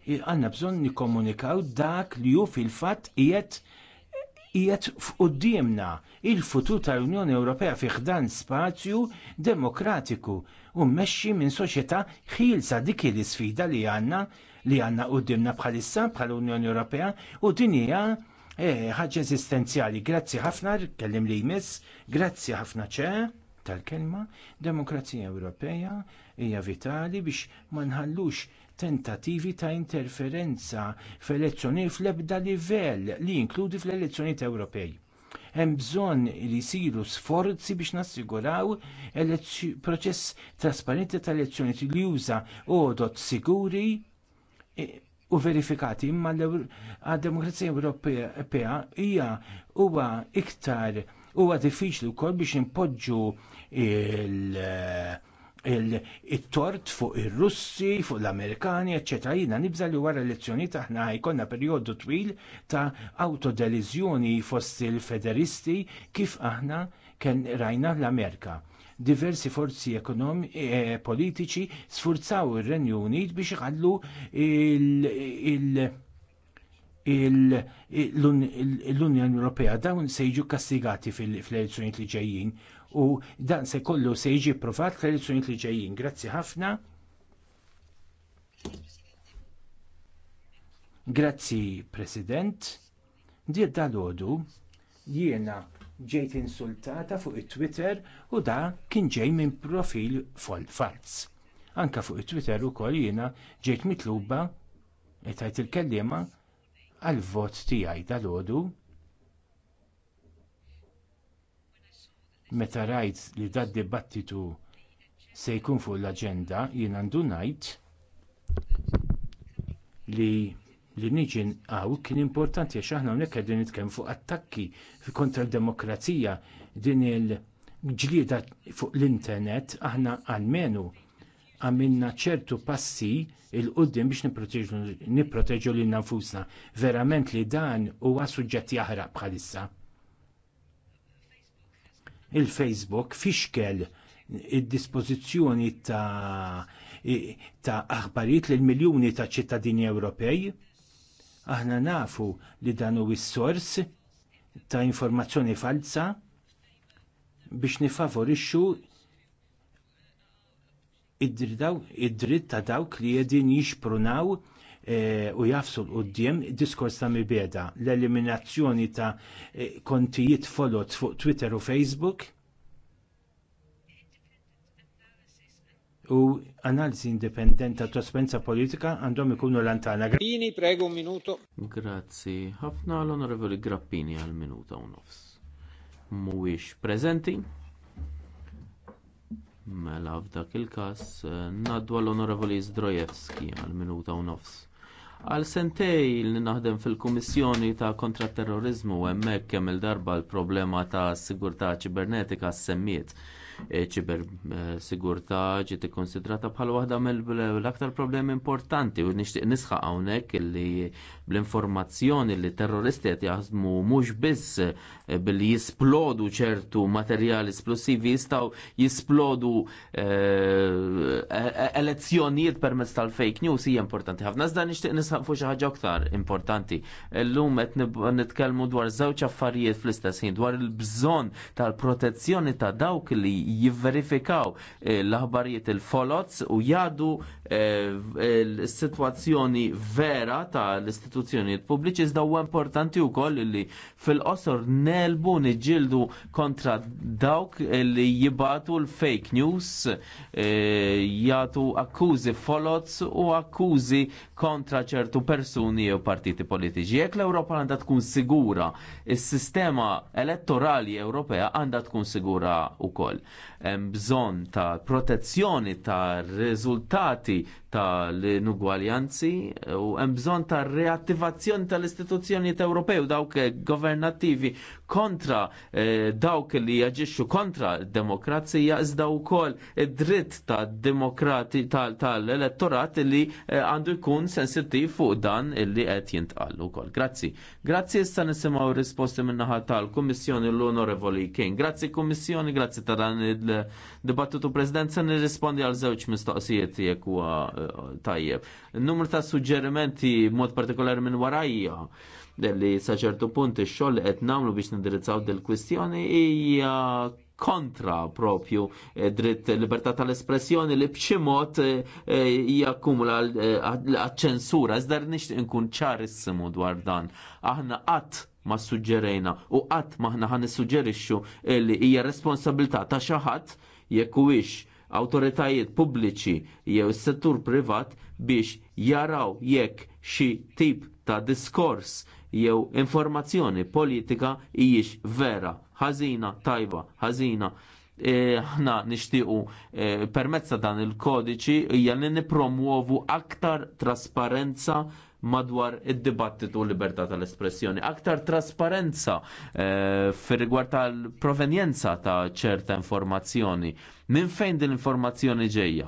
Għanna bżonn nikkomunikaw dak li hu fil-fatt qiegħed qiegħed f'qudiemna il-futur tal-Unjoni Ewropea fiħdan spazju demokratiku u mmexxi minn soċjetà ħilsa' dik il isfida li għandna li għandna quddiemna bħalissa bħal Unjoni Ewropea u din hija Eh, ħaġa eżistenzjali. Grazzi ħafna, kellim li jmiss, grazzi ħafna ċe tal-kelma, demokrazija Ewropea hija vitali biex ma nħallux tentativi ta' interferenza f'elezzjoni fl-ebda livell li jinkludi fl-elezzjonijiet Ewropej. Hemm bżonn li jsiru sforzi biex nassiguraw proċess trasparenti ta' elezzjoni li juża għodot siguri u verifikati imma l-demokrazija Ewropea hija huwa iktar huwa diffiċli wkoll biex impoġġu il-tort fuq ir-Russi, fuq l-Amerikani, ecc. Jina nibżal li wara elezzjoni taħna jkollna perjodu twil ta' autodelizjoni fost il-federisti kif aħna kien rajna l-Amerika diversi forzi ekonomi e eh, politiċi sfurzaw ir-Renju Unit biex iħallu il- l-Unjoni Ewropea dawn se jiġu kastigati fl-elezzjonijiet li ġejjin u dan se kollu se jiġi provat fl-elezzjonijiet li ġejjin. Grazzi ħafna. Grazzi, President. Dir dal jiena ġejt insultata fuq it-Twitter u da kien ġej minn profil fals. Anke fuq it-Twitter ukoll jiena ġejt mitluba e tgħid il kelliema għall vot tiegħi dal Meta rajt li dad dibattitu se jkun fuq l-aġenda jien għandu ngħid li li niġi nqaw kien importanti għax aħna hawnhekk qegħdin nitkellmu fuq attakki kontra d-demokrazija din il-ġlieda fuq l-internet aħna għalmenu għamilna ċertu passi il-qoddim biex nipproteġu lil nafusna. Verament li dan huwa suġġett jaħraq bħalissa. Il-Facebook fixkel id-dispożizzjoni ta' ta' aħbarijiet lil miljuni ta' ċittadini Ewropej Aħna nafu li dan huwa s-sors ta' informazzjoni falsa biex nifavorixxu id-dritt ta' dawk li jedin jixprunaw eh, u jafsu l-qoddim diskors ta' mibeda l-eliminazzjoni ta' eh, kontijiet folot fuq Twitter u Facebook u analiżi indipendenti ta' trasparenza politika għandhom ikunu lantana. Grappini, prego, un minuto. Grazzi. Ħafna l-onorevoli Grappini għal minuta u nofs. Mhuwiex prezenti. Mela f'dak il-każ eh, nadwa l-onorevoli Zdrojewski għal minuta u nofs. Għal sentej li naħdem fil-Kummissjoni ta' kontraterrorizmu hemmhekk kemm il-darba l-problema ta' sigurtà ċibernetika s semmiet E, ċiber e, sigurtà ġiet ikkonsidrata bħala waħda mill-aktar problemi importanti u nixtieq nisħaq hawnhekk li bl-informazzjoni li terroristi qed jaħdmu mhux biss e, billi jisplodu ċertu materjali esplosivi jistgħu jisplodu elezzjonijiet permezz tal-fake news hija importanti ħafna. Iżda nixtieq nisħaq fuq xi ħaġa aktar importanti. Illum qed nitkellmu dwar żewġ affarijiet fl-istess ħin dwar il-bżonn tal-protezzjoni ta' dawk li jivverifikaw eh, l-aħbarijiet il-folots u jgħadu eh, l-situazzjoni vera ta' l-istituzzjonijiet pubbliċi iżda huwa importanti wkoll li fil-qosor nelbu niġġieldu kontra dawk li jibatu l-fake news eh, jadu akkużi folots u akkużi kontra ċertu persuni u partiti politiċi. Jekk l-Ewropa għandha tkun sigura, is-sistema elettorali Ewropea għandha tkun sigura wkoll hemm bżonn ta' protezzjoni ta' riżultati ta' l inugwaljanzi u hemm bżonn ta' reattivazzjoni tal-istituzzjonijiet Ewropew dawk eh, governattivi kontra eh, dawk li jaġixxu kontra d-demokrazija iżda wkoll id-dritt tad-demokrati tal-elettorat -ta li eh, għandu eh, jkun sensittiv fuq dan illi qed jintqal ukoll. Grazzi. Grazzi issa nisimgħu risposti min-naħa tal-Kummissjoni l-Onorevoli King. Grazzi Kummissjoni, grazzi ta' dan il-dibattitu President se nirrispondi għal żewġ mistoqsijiet jekk huwa eh, tajjeb. Numru ta' suġġerimenti mod partikolari minn warajja li saċertu punt ix-xogħol qed nagħmlu biex nindirizzaw dil-kwistjoni hija kontra propju eh, dritt libertà tal-espressjoni li b'xi mod eh, jakkumula l-ċensura. Eh, Iżda nixtieq nkun ċarissimu dwar dan. Aħna qatt ma suġġerejna u qatt maħna ħan suġġerixxu li hija responsabilità ta' xi ħadd jekk huwiex awtoritajiet pubbliċi jew is-settur privat biex jaraw jekk xi tip ta' diskors jew informazzjoni politika hijiex vera, ħażina tajba, ħażina e, Aħna e, nixtiequ e, permezza dan il-kodiċi hija li nipromuovu aktar trasparenza madwar id-dibattitu u libertà tal-espressjoni. Aktar trasparenza e, fir rigward tal-provenjenza ta' ċerta informazzjoni Minn fejn din l-informazzjoni ġejja?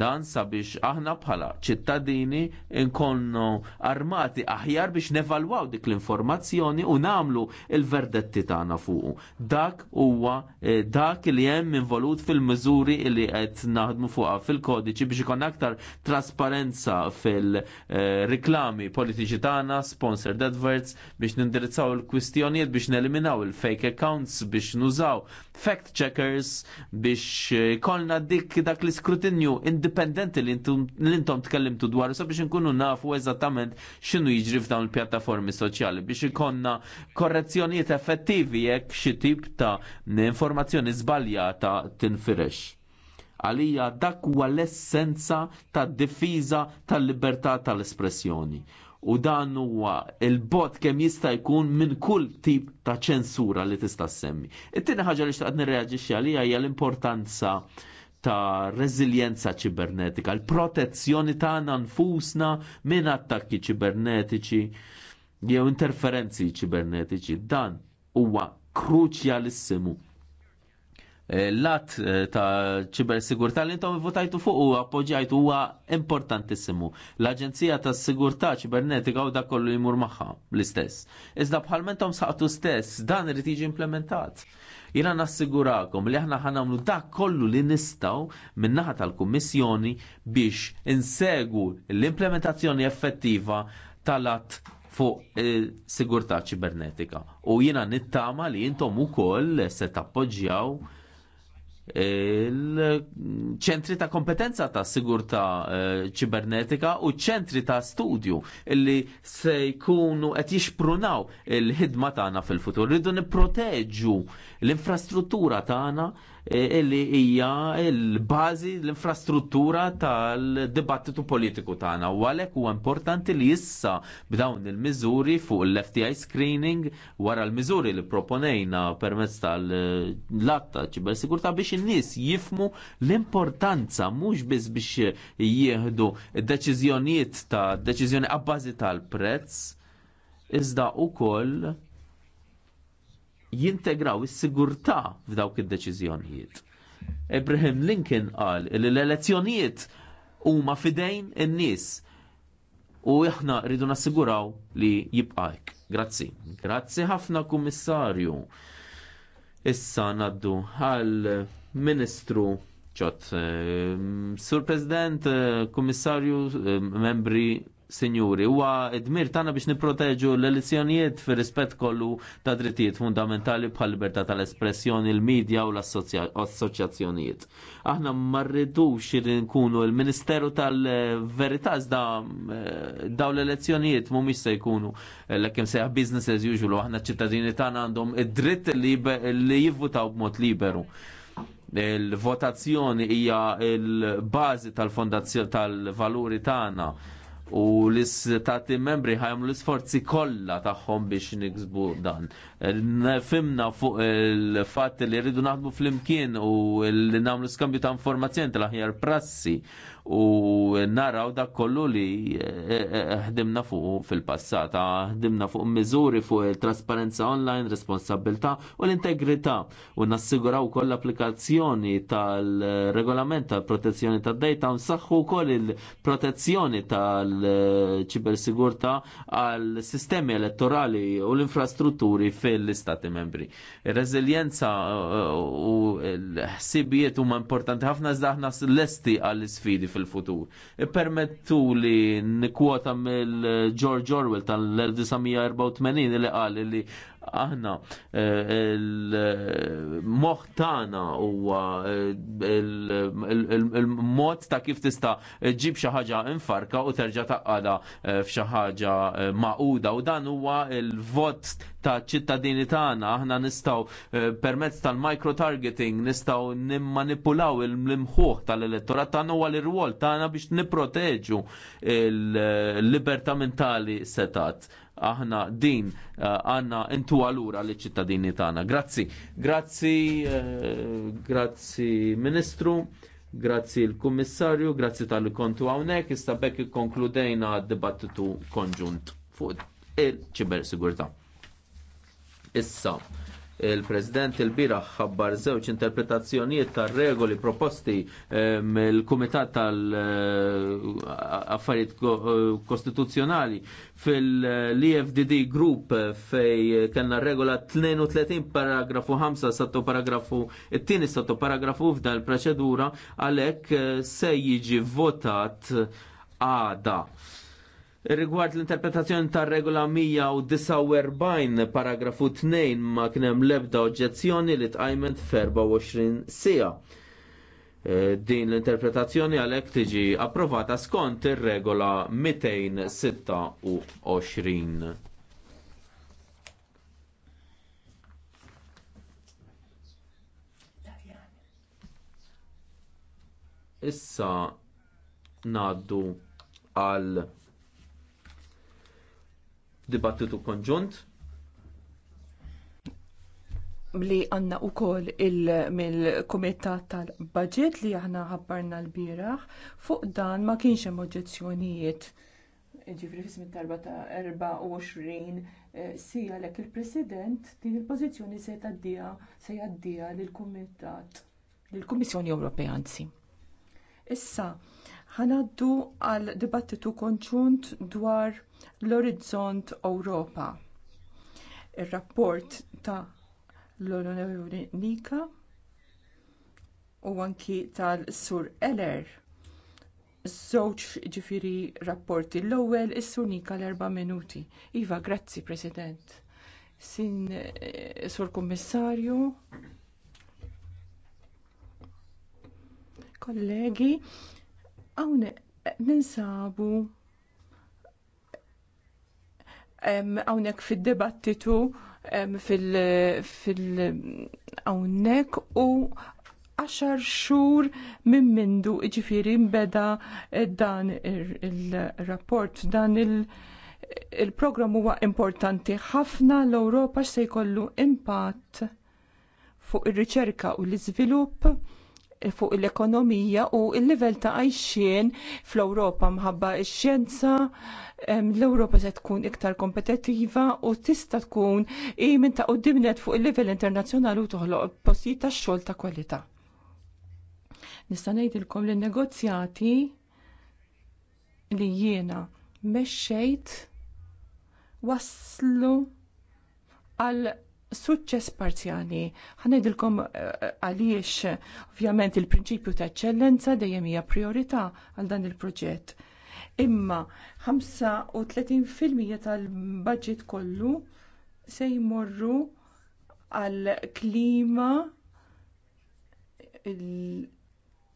Dan sabiex aħna bħala ċittadini nkonnu armati aħjar biex nevalwaw dik l-informazzjoni u namlu il-verdetti tagħna fuqu. Dak huwa eh, dak li hemm involut fil-miżuri li qed naħdmu fuqha fil-kodiċi biex ikun aktar trasparenza fil-riklami eh, politiċi tagħna, sponsored adverts biex nindirizzaw il-kwistjonijiet biex neliminaw il-fake accounts biex nużaw fact checkers biex eh, kollna dik dak l-iskrutinju indipendenti li intom tkellimtu dwar sabiex nkunu nafu eżattament x'inhu jiġri f'dawn il-pjattaformi soċjali biex ikonna korrezzjonijiet effettivi jekk xi tip ta' informazzjoni żbaljata tinfirex. Għalija dak huwa l-essenza tad difiża tal-libertà tal-espressjoni u dan huwa il-bot kemm jista' jkun minn kull tip ta' ċensura li tista' semmi. It-tieni ħaġa li xtaqt nirreaġixxi għalija hija l-importanza ta' reżiljenza ċibernetika, l-protezzjoni tagħna nfusna minn attakki ċibernetiċi jew interferenzi ċibernetiċi. Dan huwa kruċjalissimu. Eh, l-att eh, ta' ċibersigurtà li intom votajtu fuq u appoġġajtu huwa importantissimu. L-Aġenzija tas Sigurtà Ċibernetika u dakollu kollu jmur magħha l-istess. Iżda bħalmentom saqtu stess, dan irid jiġi implementat. Jiena nassigurakom li aħna ħanamlu dak kollu li nistgħu min-naħa tal-Kummissjoni biex insegu l-implementazzjoni effettiva tal-att fuq eh, sigurtà ċibernetika. U jiena nittama li jintom ukoll se tappoġġjaw il-ċentri ta' kompetenza ta' sigurta eh, ċibernetika u ċentri ta' studju illi se jkunu qed jixprunaw il-ħidma tagħna fil-futur. ridu nipproteġu l-infrastruttura tagħna E, illi hija l-bażi l-infrastruttura tal-dibattitu politiku tagħna u għalhekk huwa importanti li issa b'dawn il-miżuri fuq l-FTI screening wara l-miżuri li proponejna permezz tal-latta ċibersigurtà biex in-nies jifmu l-importanza mhux biss biex jieħdu deċiżjonijiet ta' deċiżjoni abbażi tal-prezz iżda wkoll jintegraw is-sigurtà f'dawk id-deċiżjonijiet. Abraham Lincoln qal li l-elezzjonijiet huma fidejn in-nies u aħna rridu nassiguraw li jibqajk. Grazzi. Grazzi ħafna kummissarju. Issa naddu għal Ministru ċot. Eh, Sur President, eh, Kummissarju, eh, membri Sinjuri, huwa dmir tagħna biex nipproteġu l-elezzjonijiet fir rispett kollu ta' drittijiet fundamentali bħal libertà tal-espressjoni, il-medja u l-assoċjazzjonijiet. Aħna ma rridux nkunu il-Ministeru tal-Verità da eh, daw l-elezzjonijiet mhumiex se jkunu eh, l-ekkem seħ business as usual, aħna ċittadini tagħna għandhom id-dritt li jivvutaw b'mod liberu il-votazzjoni hija il-bażi tal-fondazzjoni tal-valuri tagħna u l-istati membri ħajmu l-isforzi kollha tagħhom biex niksbu dan. Eh, Fimna fuq il fat li rridu naħdmu fl-imkien u li nagħmlu skambju ta' informazzjoni tal-aħjar prassi u naraw dak kollu li eh, eh, eh, ħdimna fuq fil-passata, ah, ħdimna fuq miżuri fuq il-trasparenza online, responsabilta u l-integrità u nassiguraw koll applikazzjoni tal-regolament tal-protezzjoni tad-data u nsaħħu koll il-protezzjoni tal-ċibersigurta għal-sistemi elettorali u l-infrastrutturi fil-istati membri. Il-reżiljenza u l-ħsibijiet huma importanti ħafna iżda l lesti għall-sfidi fil-futur. Permettu li nikwota mill-George Orwell tal-1984 li qal li aħna eh, il-moħ tagħna huwa eh, il-mod ta' kif tista' ġib xi ħaġa infarka u terġa' taqgħada eh, f'xi ħaġa maquda u dan huwa il-vot ta' ċittadini tagħna aħna nistgħu permezz tal-micro targeting nistgħu nimmanipulaw il-mħuħ tal-elettorat tagħna huwa l-irwol tagħna biex nipproteġu il-libertà mentali setat aħna din eh, għanna intu għalura li ċittadini tagħna. Grazzi, grazzi, eh, grazzi Ministru, grazzi l-Kummissarju, grazzi tal-kontu hawnhekk, issa bekk ikkonkludejna d-dibattitu konġunt fuq il-ċibersigurtà. Issa, Il-President il-biraħ ħabbar żewġ interpretazzjonijiet tar regoli proposti eh, mill-Kumitat tal-Affarijiet eh, Kostituzzjonali fil-EFDD Group fej kellna regola 32 paragrafu 5 sattu paragrafu 2 sattu paragrafu f'dan il-proċedura għalhekk eh, se jiġi votat għada. Rigward l-interpretazzjoni tar regola 149 paragrafu 2 ma kien hemm l-ebda oġġezzjoni li tqajmet 24 sija. E, din l-interpretazzjoni għalhekk tiġi approvata skont ir-regola 226. Issa ngħaddu għal dibattitu konġunt Bli għanna u koll mill-komitat tal-budget li aħna ħabbarna l-biraħ fuq dan ma kienx hemm oġġezzjonijiet. Ġifri fismi tarba ta' 24 sija lek il-President din il-pożizzjoni se jtaddija se jgħaddija lill-Kumitat lill-Kummissjoni Ewropea anzi. Issa ħanaddu għal dibattitu konċunt dwar l-orizzont Ewropa. Ir-rapport ta' l unjoni Nika u anki tal-Sur Eller. Żewġ ġifiri rapporti l-ewwel is-Sur Nika l-erba' minuti. Iva, grazzi President. Sin eh, Sur Kummissarju, kollegi, Hawn ninsabu hawnhekk fid-dibattitu fil-hawnhekk u għaxar xhur minn mindu ġifiri mbeda dan il-rapport, dan il-program huwa importanti ħafna l-Ewropa se jkollu impatt fuq ir-riċerka u l-iżvilupp fuq l-ekonomija u l-livell ta' għajxien fl-Ewropa mħabba x-xjenza l-Ewropa se tkun iktar kompetittiva u tista tkun imin ta' qoddimnet fuq il-livell internazzjonali u toħloq postijiet ta' xogħol ta' kwalità. Nista' ngħidilkom li negozjati li jiena mexxejt waslu għal suċċess parzjali. ħanedilkom eh, għaliex, ovvjament, il-prinċipju ta' eccellenza dejjem hija priorità għal dan il-proġett. Imma 35% tal-budget kollu se jmorru għal klima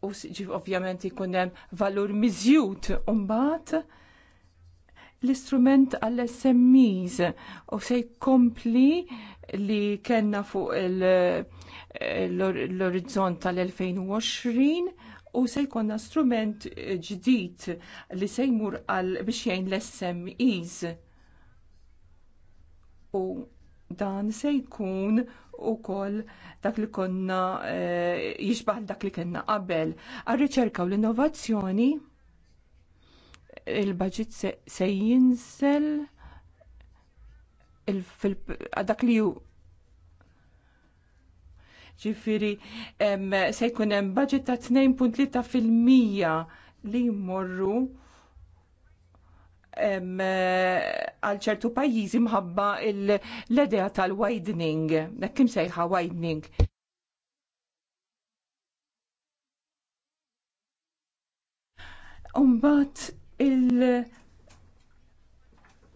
u ovvjament ikun hemm valur miżjud u mbagħad l-istrument għall-SMEs u se jkompli li kellna fuq l-orizzont tal-2020 u se jkollna strument ġdid li se jmur għal biex jgħin l-SMEs. U dan se jkun ukoll dak li konna eh, jixbaħ dak li kellna qabel. Għal-riċerka u l-innovazzjoni il-budget se jinsel dak li ju ġifiri se jkun hemm budget ta' 2.3 fil-mija li jmorru għal ċertu pajjiżi mħabba l-idea tal-widening, dak kim sejħa widening. Umbat il-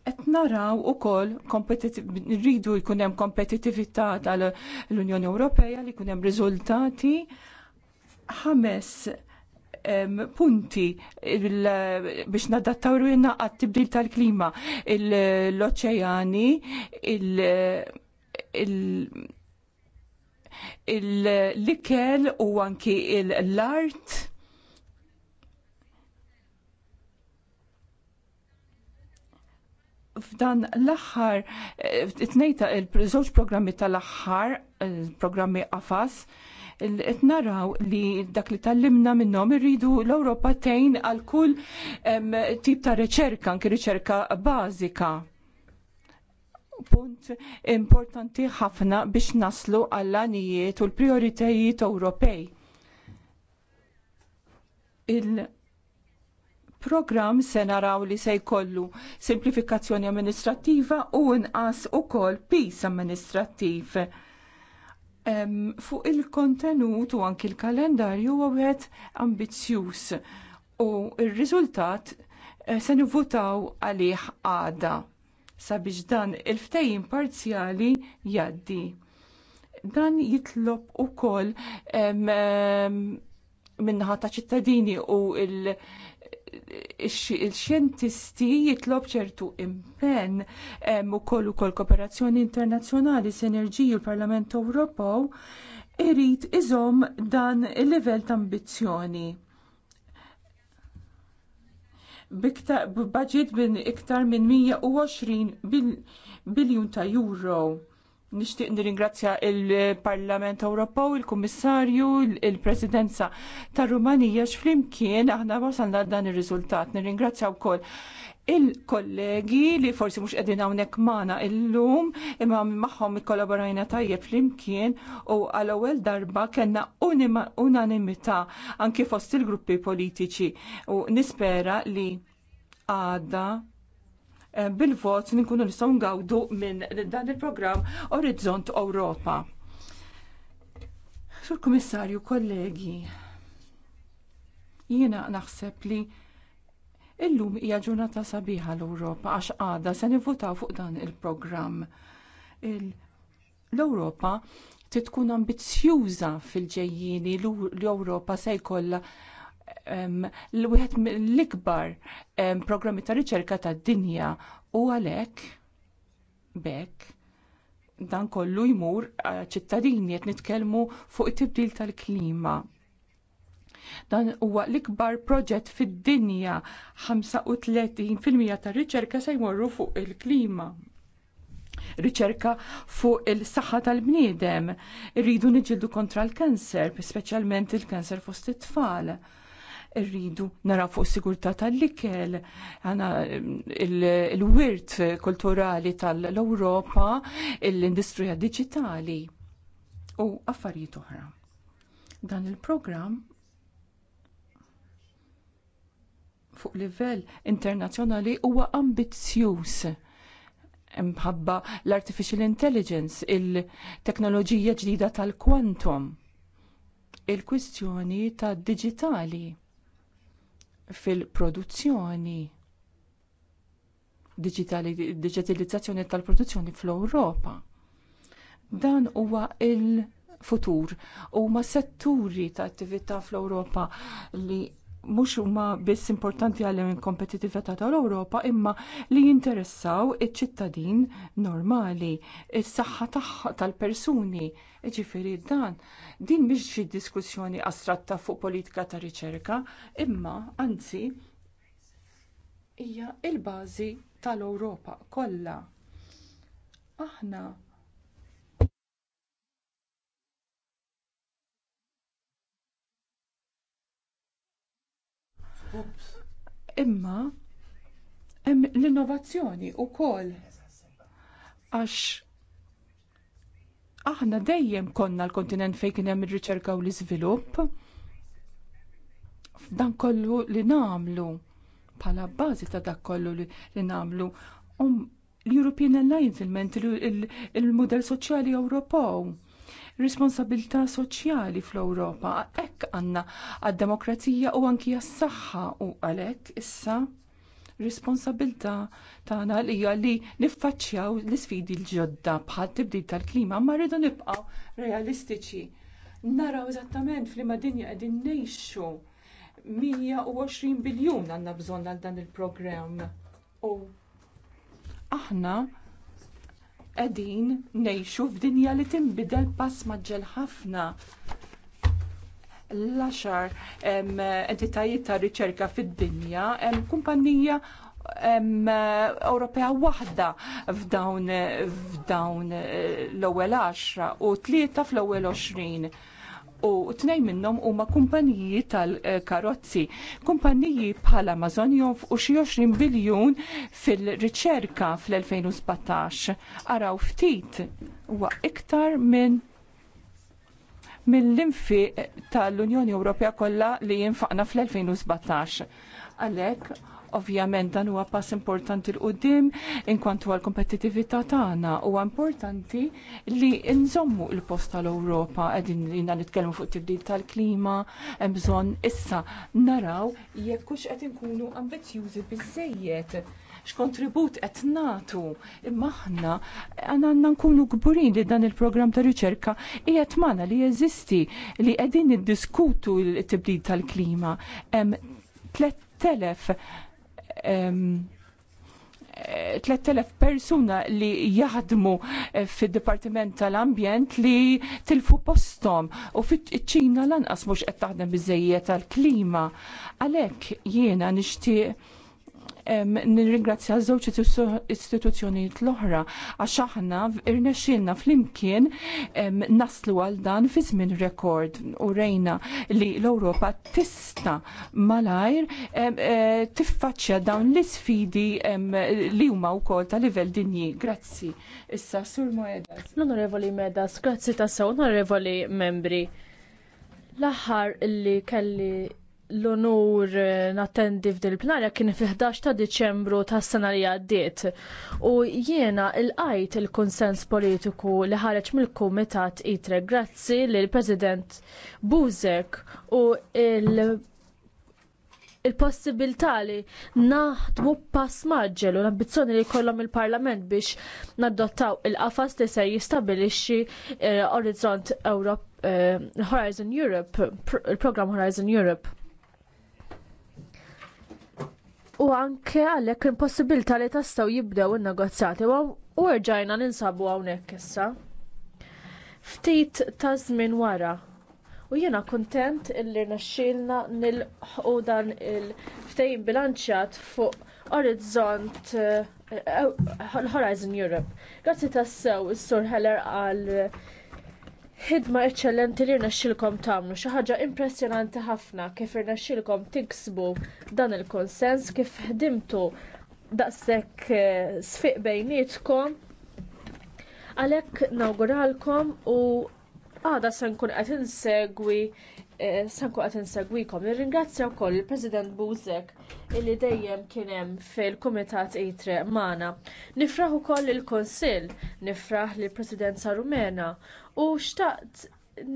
qed naraw ukoll rridu jkun hemm kompetittività tal-Unjoni Ewropea li jkun hemm riżultati ħames punti biex nadattawru jenna għat-tibdil tal-klima l-oċeani l-ikel u anki l-art f'dan l-aħħar, eh, t nejta il-żewġ programmi tal-aħħar, programmi AFAS, Etnaraw naraw li dak li tallimna minnhom irridu l-Ewropa tgħin għal kull tip ta' riċerka, anki riċerka bażika. Punt importanti ħafna biex naslu għall-anijiet u l-prioritajiet Ewropej. Il- program se naraw li se jkollu simplifikazzjoni amministrattiva u nqas ukoll pis amministrattiv. Um, fuq il-kontenut u anki l-kalendarju u għed ambizjus u il-rizultat eh, se nivutaw għalih għada sabiex dan il-ftejn parzjali jaddi. Dan jitlob u kol minnaħa ta' ċittadini u il- il-xjentisti jitlob ċertu impenn ukoll ukoll kooperazzjoni internazzjonali, sinerġiju l-Parlament Ewropew irid iżom dan il-livell ta' ambizzjoni. B'baġit bin iktar minn 120 biljun ta' euro Nixtieq nirringrazzja il-Parlament Ewropew, il-Kummissarju, il-Presidenza tar Rumanija x'flimkien aħna wasalna dan ir-riżultat. Nirringrazzja wkoll il-kollegi li forsi mhux qegħdin hawnhekk magħna illum imma magħhom ikkollaborajna tajjeb flimkien u għal ewwel darba kellna unanimità anke fost il-gruppi politiċi u nispera li għadha. Eh, bil-vot nkunu nistgħu ngawdu minn dan il-programm Orizzont Ewropa. Sur Kummissarju, kollegi, jiena naħseb li illum hija ġurnata sabiħa l-Ewropa għax għada se nivvotaw fuq dan il-programm. L-Ewropa titkun ambizzjuża fil-ġejjini l-Ewropa se jkollha l-wieħed l-ikbar programmi ta' riċerka tad-dinja u għalek bekk dan kollu jmur eh, ċittadini qed nitkellmu fuq it-tibdil tal-klima. Dan huwa l-ikbar proġett fid-dinja 35% ta' riċerka se jmorru fuq il-klima. Riċerka fuq il-saħħa tal-bniedem, irridu niġildu kontra l-kanser, speċjalment il-kanser fost it-tfal. il kanser fost it tfal rridu naraw fuq sigurtà tal likel għana il-wirt kulturali tal-Europa, l-industrija digitali u affarijiet oħra. Dan il-programm fuq livell internazzjonali huwa ambizzjuż mħabba l-artificial intelligence, il-teknoloġija ġdida tal-kwantum, il-kwistjoni tad-digitali fil-produzzjoni digitalizzazzjoni tal-produzzjoni fl-Ewropa. Dan huwa il-futur u huma setturi ta' attività fl-Ewropa li mhux huma biss importanti għall kompetitività tal-Ewropa imma li jinteressaw iċ-ċittadin normali, is-saħħa tal-persuni. Ġifieri dan din mhix xi diskussjoni astratta fuq politika ta' riċerka, imma anzi hija l bażi tal-Ewropa kollha. Aħna Imma l-innovazzjoni wkoll għax aħna dejjem konna l-kontinent fejn kien hemm ir-riċerka u l-iżvilupp. F'dan kollu li nagħmlu bħala bażi ta' dak kollu li nagħmlu um, l-European Alliance, il-modell soċjali Ewropew responsabilità soċjali fl-Ewropa. Hekk għandna għad-demokrazija u anki għas-saħħa u għalhekk issa responsabilità tagħna li hija li niffaċċjaw l-isfidi l-ġodda bħal tibdil tal-klima ma rridu nibqgħu realistiċi. Naraw eżattament f'liema dinja qegħdin ngħixu 120 biljun għandna bżonn għal dan il-programm. U aħna qegħdin ngħixu f'dinja li tinbidel pass maġġel ħafna. L-axar entitajiet ta' riċerka fid-dinja hemm kumpanija Ewropea waħda f'dawn eh, l-ewwel 10 u tlieta fl-ewwel 20 u tnej minnom huma kumpaniji tal-karozzi. Kumpaniji bħal Amazon u xie 20 biljun fil-riċerka fl-2017. Araw ftit huwa iktar minn mill-infi tal-Unjoni Ewropea kollha li jinfaqna fl-2017. Għalhekk Ovvjament dan huwa pass importanti l qudiem inkwantu għal kompetitività tagħna huwa importanti li nżommu l-post tal-Ewropa qegħdin lina nitkellmu fuq tibdil tal-klima hemm bżonn issa naraw jekk kux qed inkunu ambizzjużi biżejjed x'kontribut qed nagħtu imma aħna għandna nkunu kburin li dan il-programm ta' riċerka qiegħed magħna li jeżisti li qegħdin niddiskutu l-tibdil tal-klima hemm 3000 3000 eh, persuna li jaħdmu eh, fid-Dipartiment tal-Ambjent li tilfu postom u fiċ-Ċina lanqas mhux qed taħdem biżejjed tal-klima. Għalhekk jiena nixtieq nirringrazzja żewġ istituzzjonijiet l-oħra għax aħna irnexxielna flimkien naslu għal dan fi żmien rekord u rejna li l-Ewropa tista malajr e, tiffaċċja dawn l-isfidi li huma wkoll ta' livell dinji. Grazzi. Issa Sur Moedas. L-Onorevoli Medas, grazzi ta' sew, onorevoli membri. L-aħħar li kelli l-onur eh, nattendi f'dil plenarja kien fi-11 ta' Diċembru tas sena li għaddiet u jiena il-qajt il-konsens politiku li ħareġ mill-Kumitat ITRE grazzi lill president Buzek u il- il-possibilità li naħdmu pass maġġel u l-ambizzjoni li jkollhom il-Parlament biex naddottaw il-qafas li se jistabilixxi eh, Orizzont Europe eh, Horizon Europe, il-programm Horizon Europe u anke għalhekk impossibilità li tistgħu jibdew in-negozjati u rġajna ninsabu hawnhekk issa. Ftit ta' żmien wara U jiena kuntent illi naxxilna nilħqu dan il-ftejn bilanċjat fuq Orizzont l-Horizon eh, eh, Europe. Grazzi tassew is-Sur Heller għal ħidma eċċellenti li rnexxilkom tagħmlu xi ħaġa impressjonanti ħafna kif irnexxilkom tiksbu dan il-konsens kif ħdimtu daqshekk eh, sfiq bejnietkom għalhekk nawguralkom u għada se nkun qed insegwi eh, se nkun qed insegwikom. Nirringrazzja wkoll il-President Buzek illi dejjem kien hemm fil-Kumitat Itre Mana. Nifraħ ukoll il kunsill nifraħ lill presidenza Rumena u xtaqt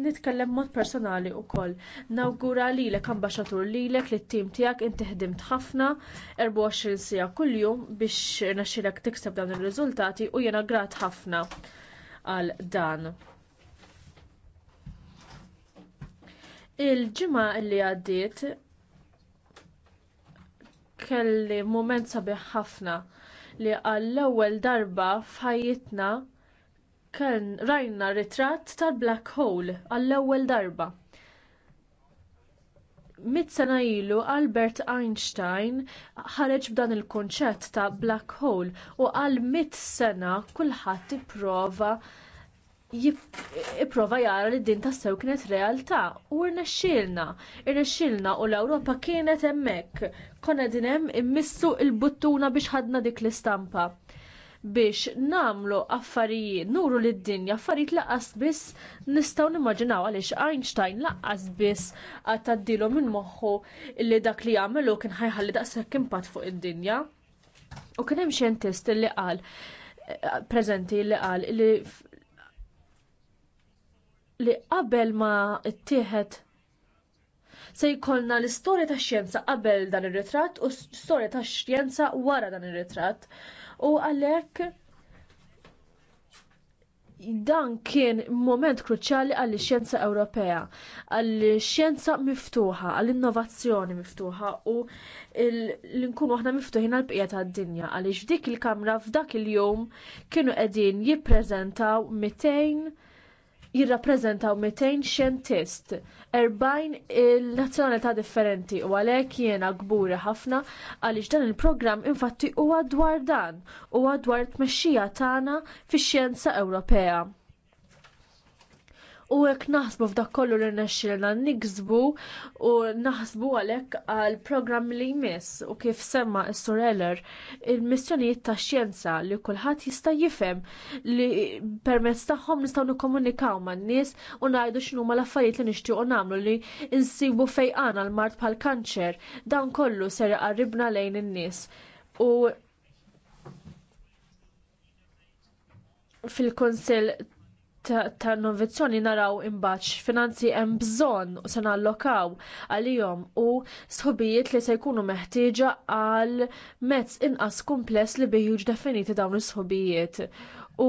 nitkellem mod personali wkoll. Nawgura lilek ambaxxatur lilek li t-tim tiegħek inti ħdimt ħafna 24 sija kuljum biex naxxilek tikseb dawn ir-riżultati u jiena grat ħafna għal dan. Il-ġimgħa li għaddiet kelli mument sabiħ ħafna li għall-ewwel darba f'ħajjitna Kien rajna ritratt tal-black hole għall-ewwel darba. Mit sena ilu Albert Einstein ħareġ b'dan il-kunċett ta' black hole u għal mit sena kulħadd ipprova jipprova jara li din tassew kienet realtà u rnexxielna. Irnexxielna u l-Ewropa kienet hemmhekk. Konna din hemm immissu l buttuna biex ħadna dik l-istampa biex namlu affarijiet, nuru lid dinja affarijiet laqas biss nistgħu nimmaġinaw għaliex Einstein laqas biss għataddilu minn moħħu li dak li jagħmlu kien ħajħalli daqshekk pat fuq id-dinja. U kien hemm xjentist li qal eh, preżenti li qal li li qabel ma ttieħed Se jkollna l-istorja tax-xjenza qabel dan ir-ritratt u l-istorja tax-xjenza wara dan ir-ritratt. U għalhekk dan kien moment kruċjali għall xjenza Ewropea, għall xjenza miftuħa, għall innovazzjoni miftuħa u li nkunu aħna miftuħin għal bqija tad-dinja għaliex dik il-kamra f'dak il-jum kienu qegħdin jippreżentaw 200 jirrappreżentaw 200 xjentist, 40 il-nazzjonalità differenti u għalhekk jiena gburi ħafna għaliex dan il-programm infatti huwa dwar dan huwa dwar t tmexxija tagħna fix-xjenza Ewropea u jekk naħsbu f'dak kollu li nexxilna niksbu u naħsbu għalhekk għal programm li jmiss u kif semma s-sur Eller il-missjonijiet ta' xjenza li kulħadd jista' jifhem li permezz tagħhom nistgħu nikkomunikaw man-nies u ngħidu x'inhuma l-affarijiet li nixtiequ nagħmlu li insibu fejqan għal mart bħal kanċer dan kollu ser qarribna lejn in-nies. U fil-konsil ta' innovazzjoni naraw imbaċ finanzi hemm bżonn u se nallokaw għalihom u sħubijiet li se jkunu meħtieġa għal mezz inqas kumpless li bih definiti dawn is-sħubijiet. U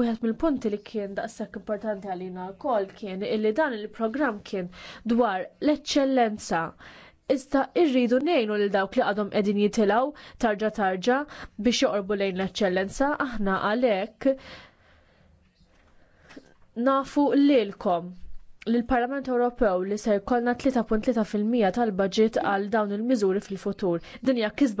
wieħed mill-punti li kien daqshekk importanti għalina wkoll kien illi dan il-programm kien dwar l-eċċellenza Iżda irridu nejnu lil dawk li għadhom qegħdin jitilgħu tarġa tarġa biex joqorbu lejn l-eċċellenza aħna għalhekk nafu lilkom li l-Parlament Ewropew li se jkollna 3.3% tal-budget għal dawn il-miżuri fil-futur. Din hija kisba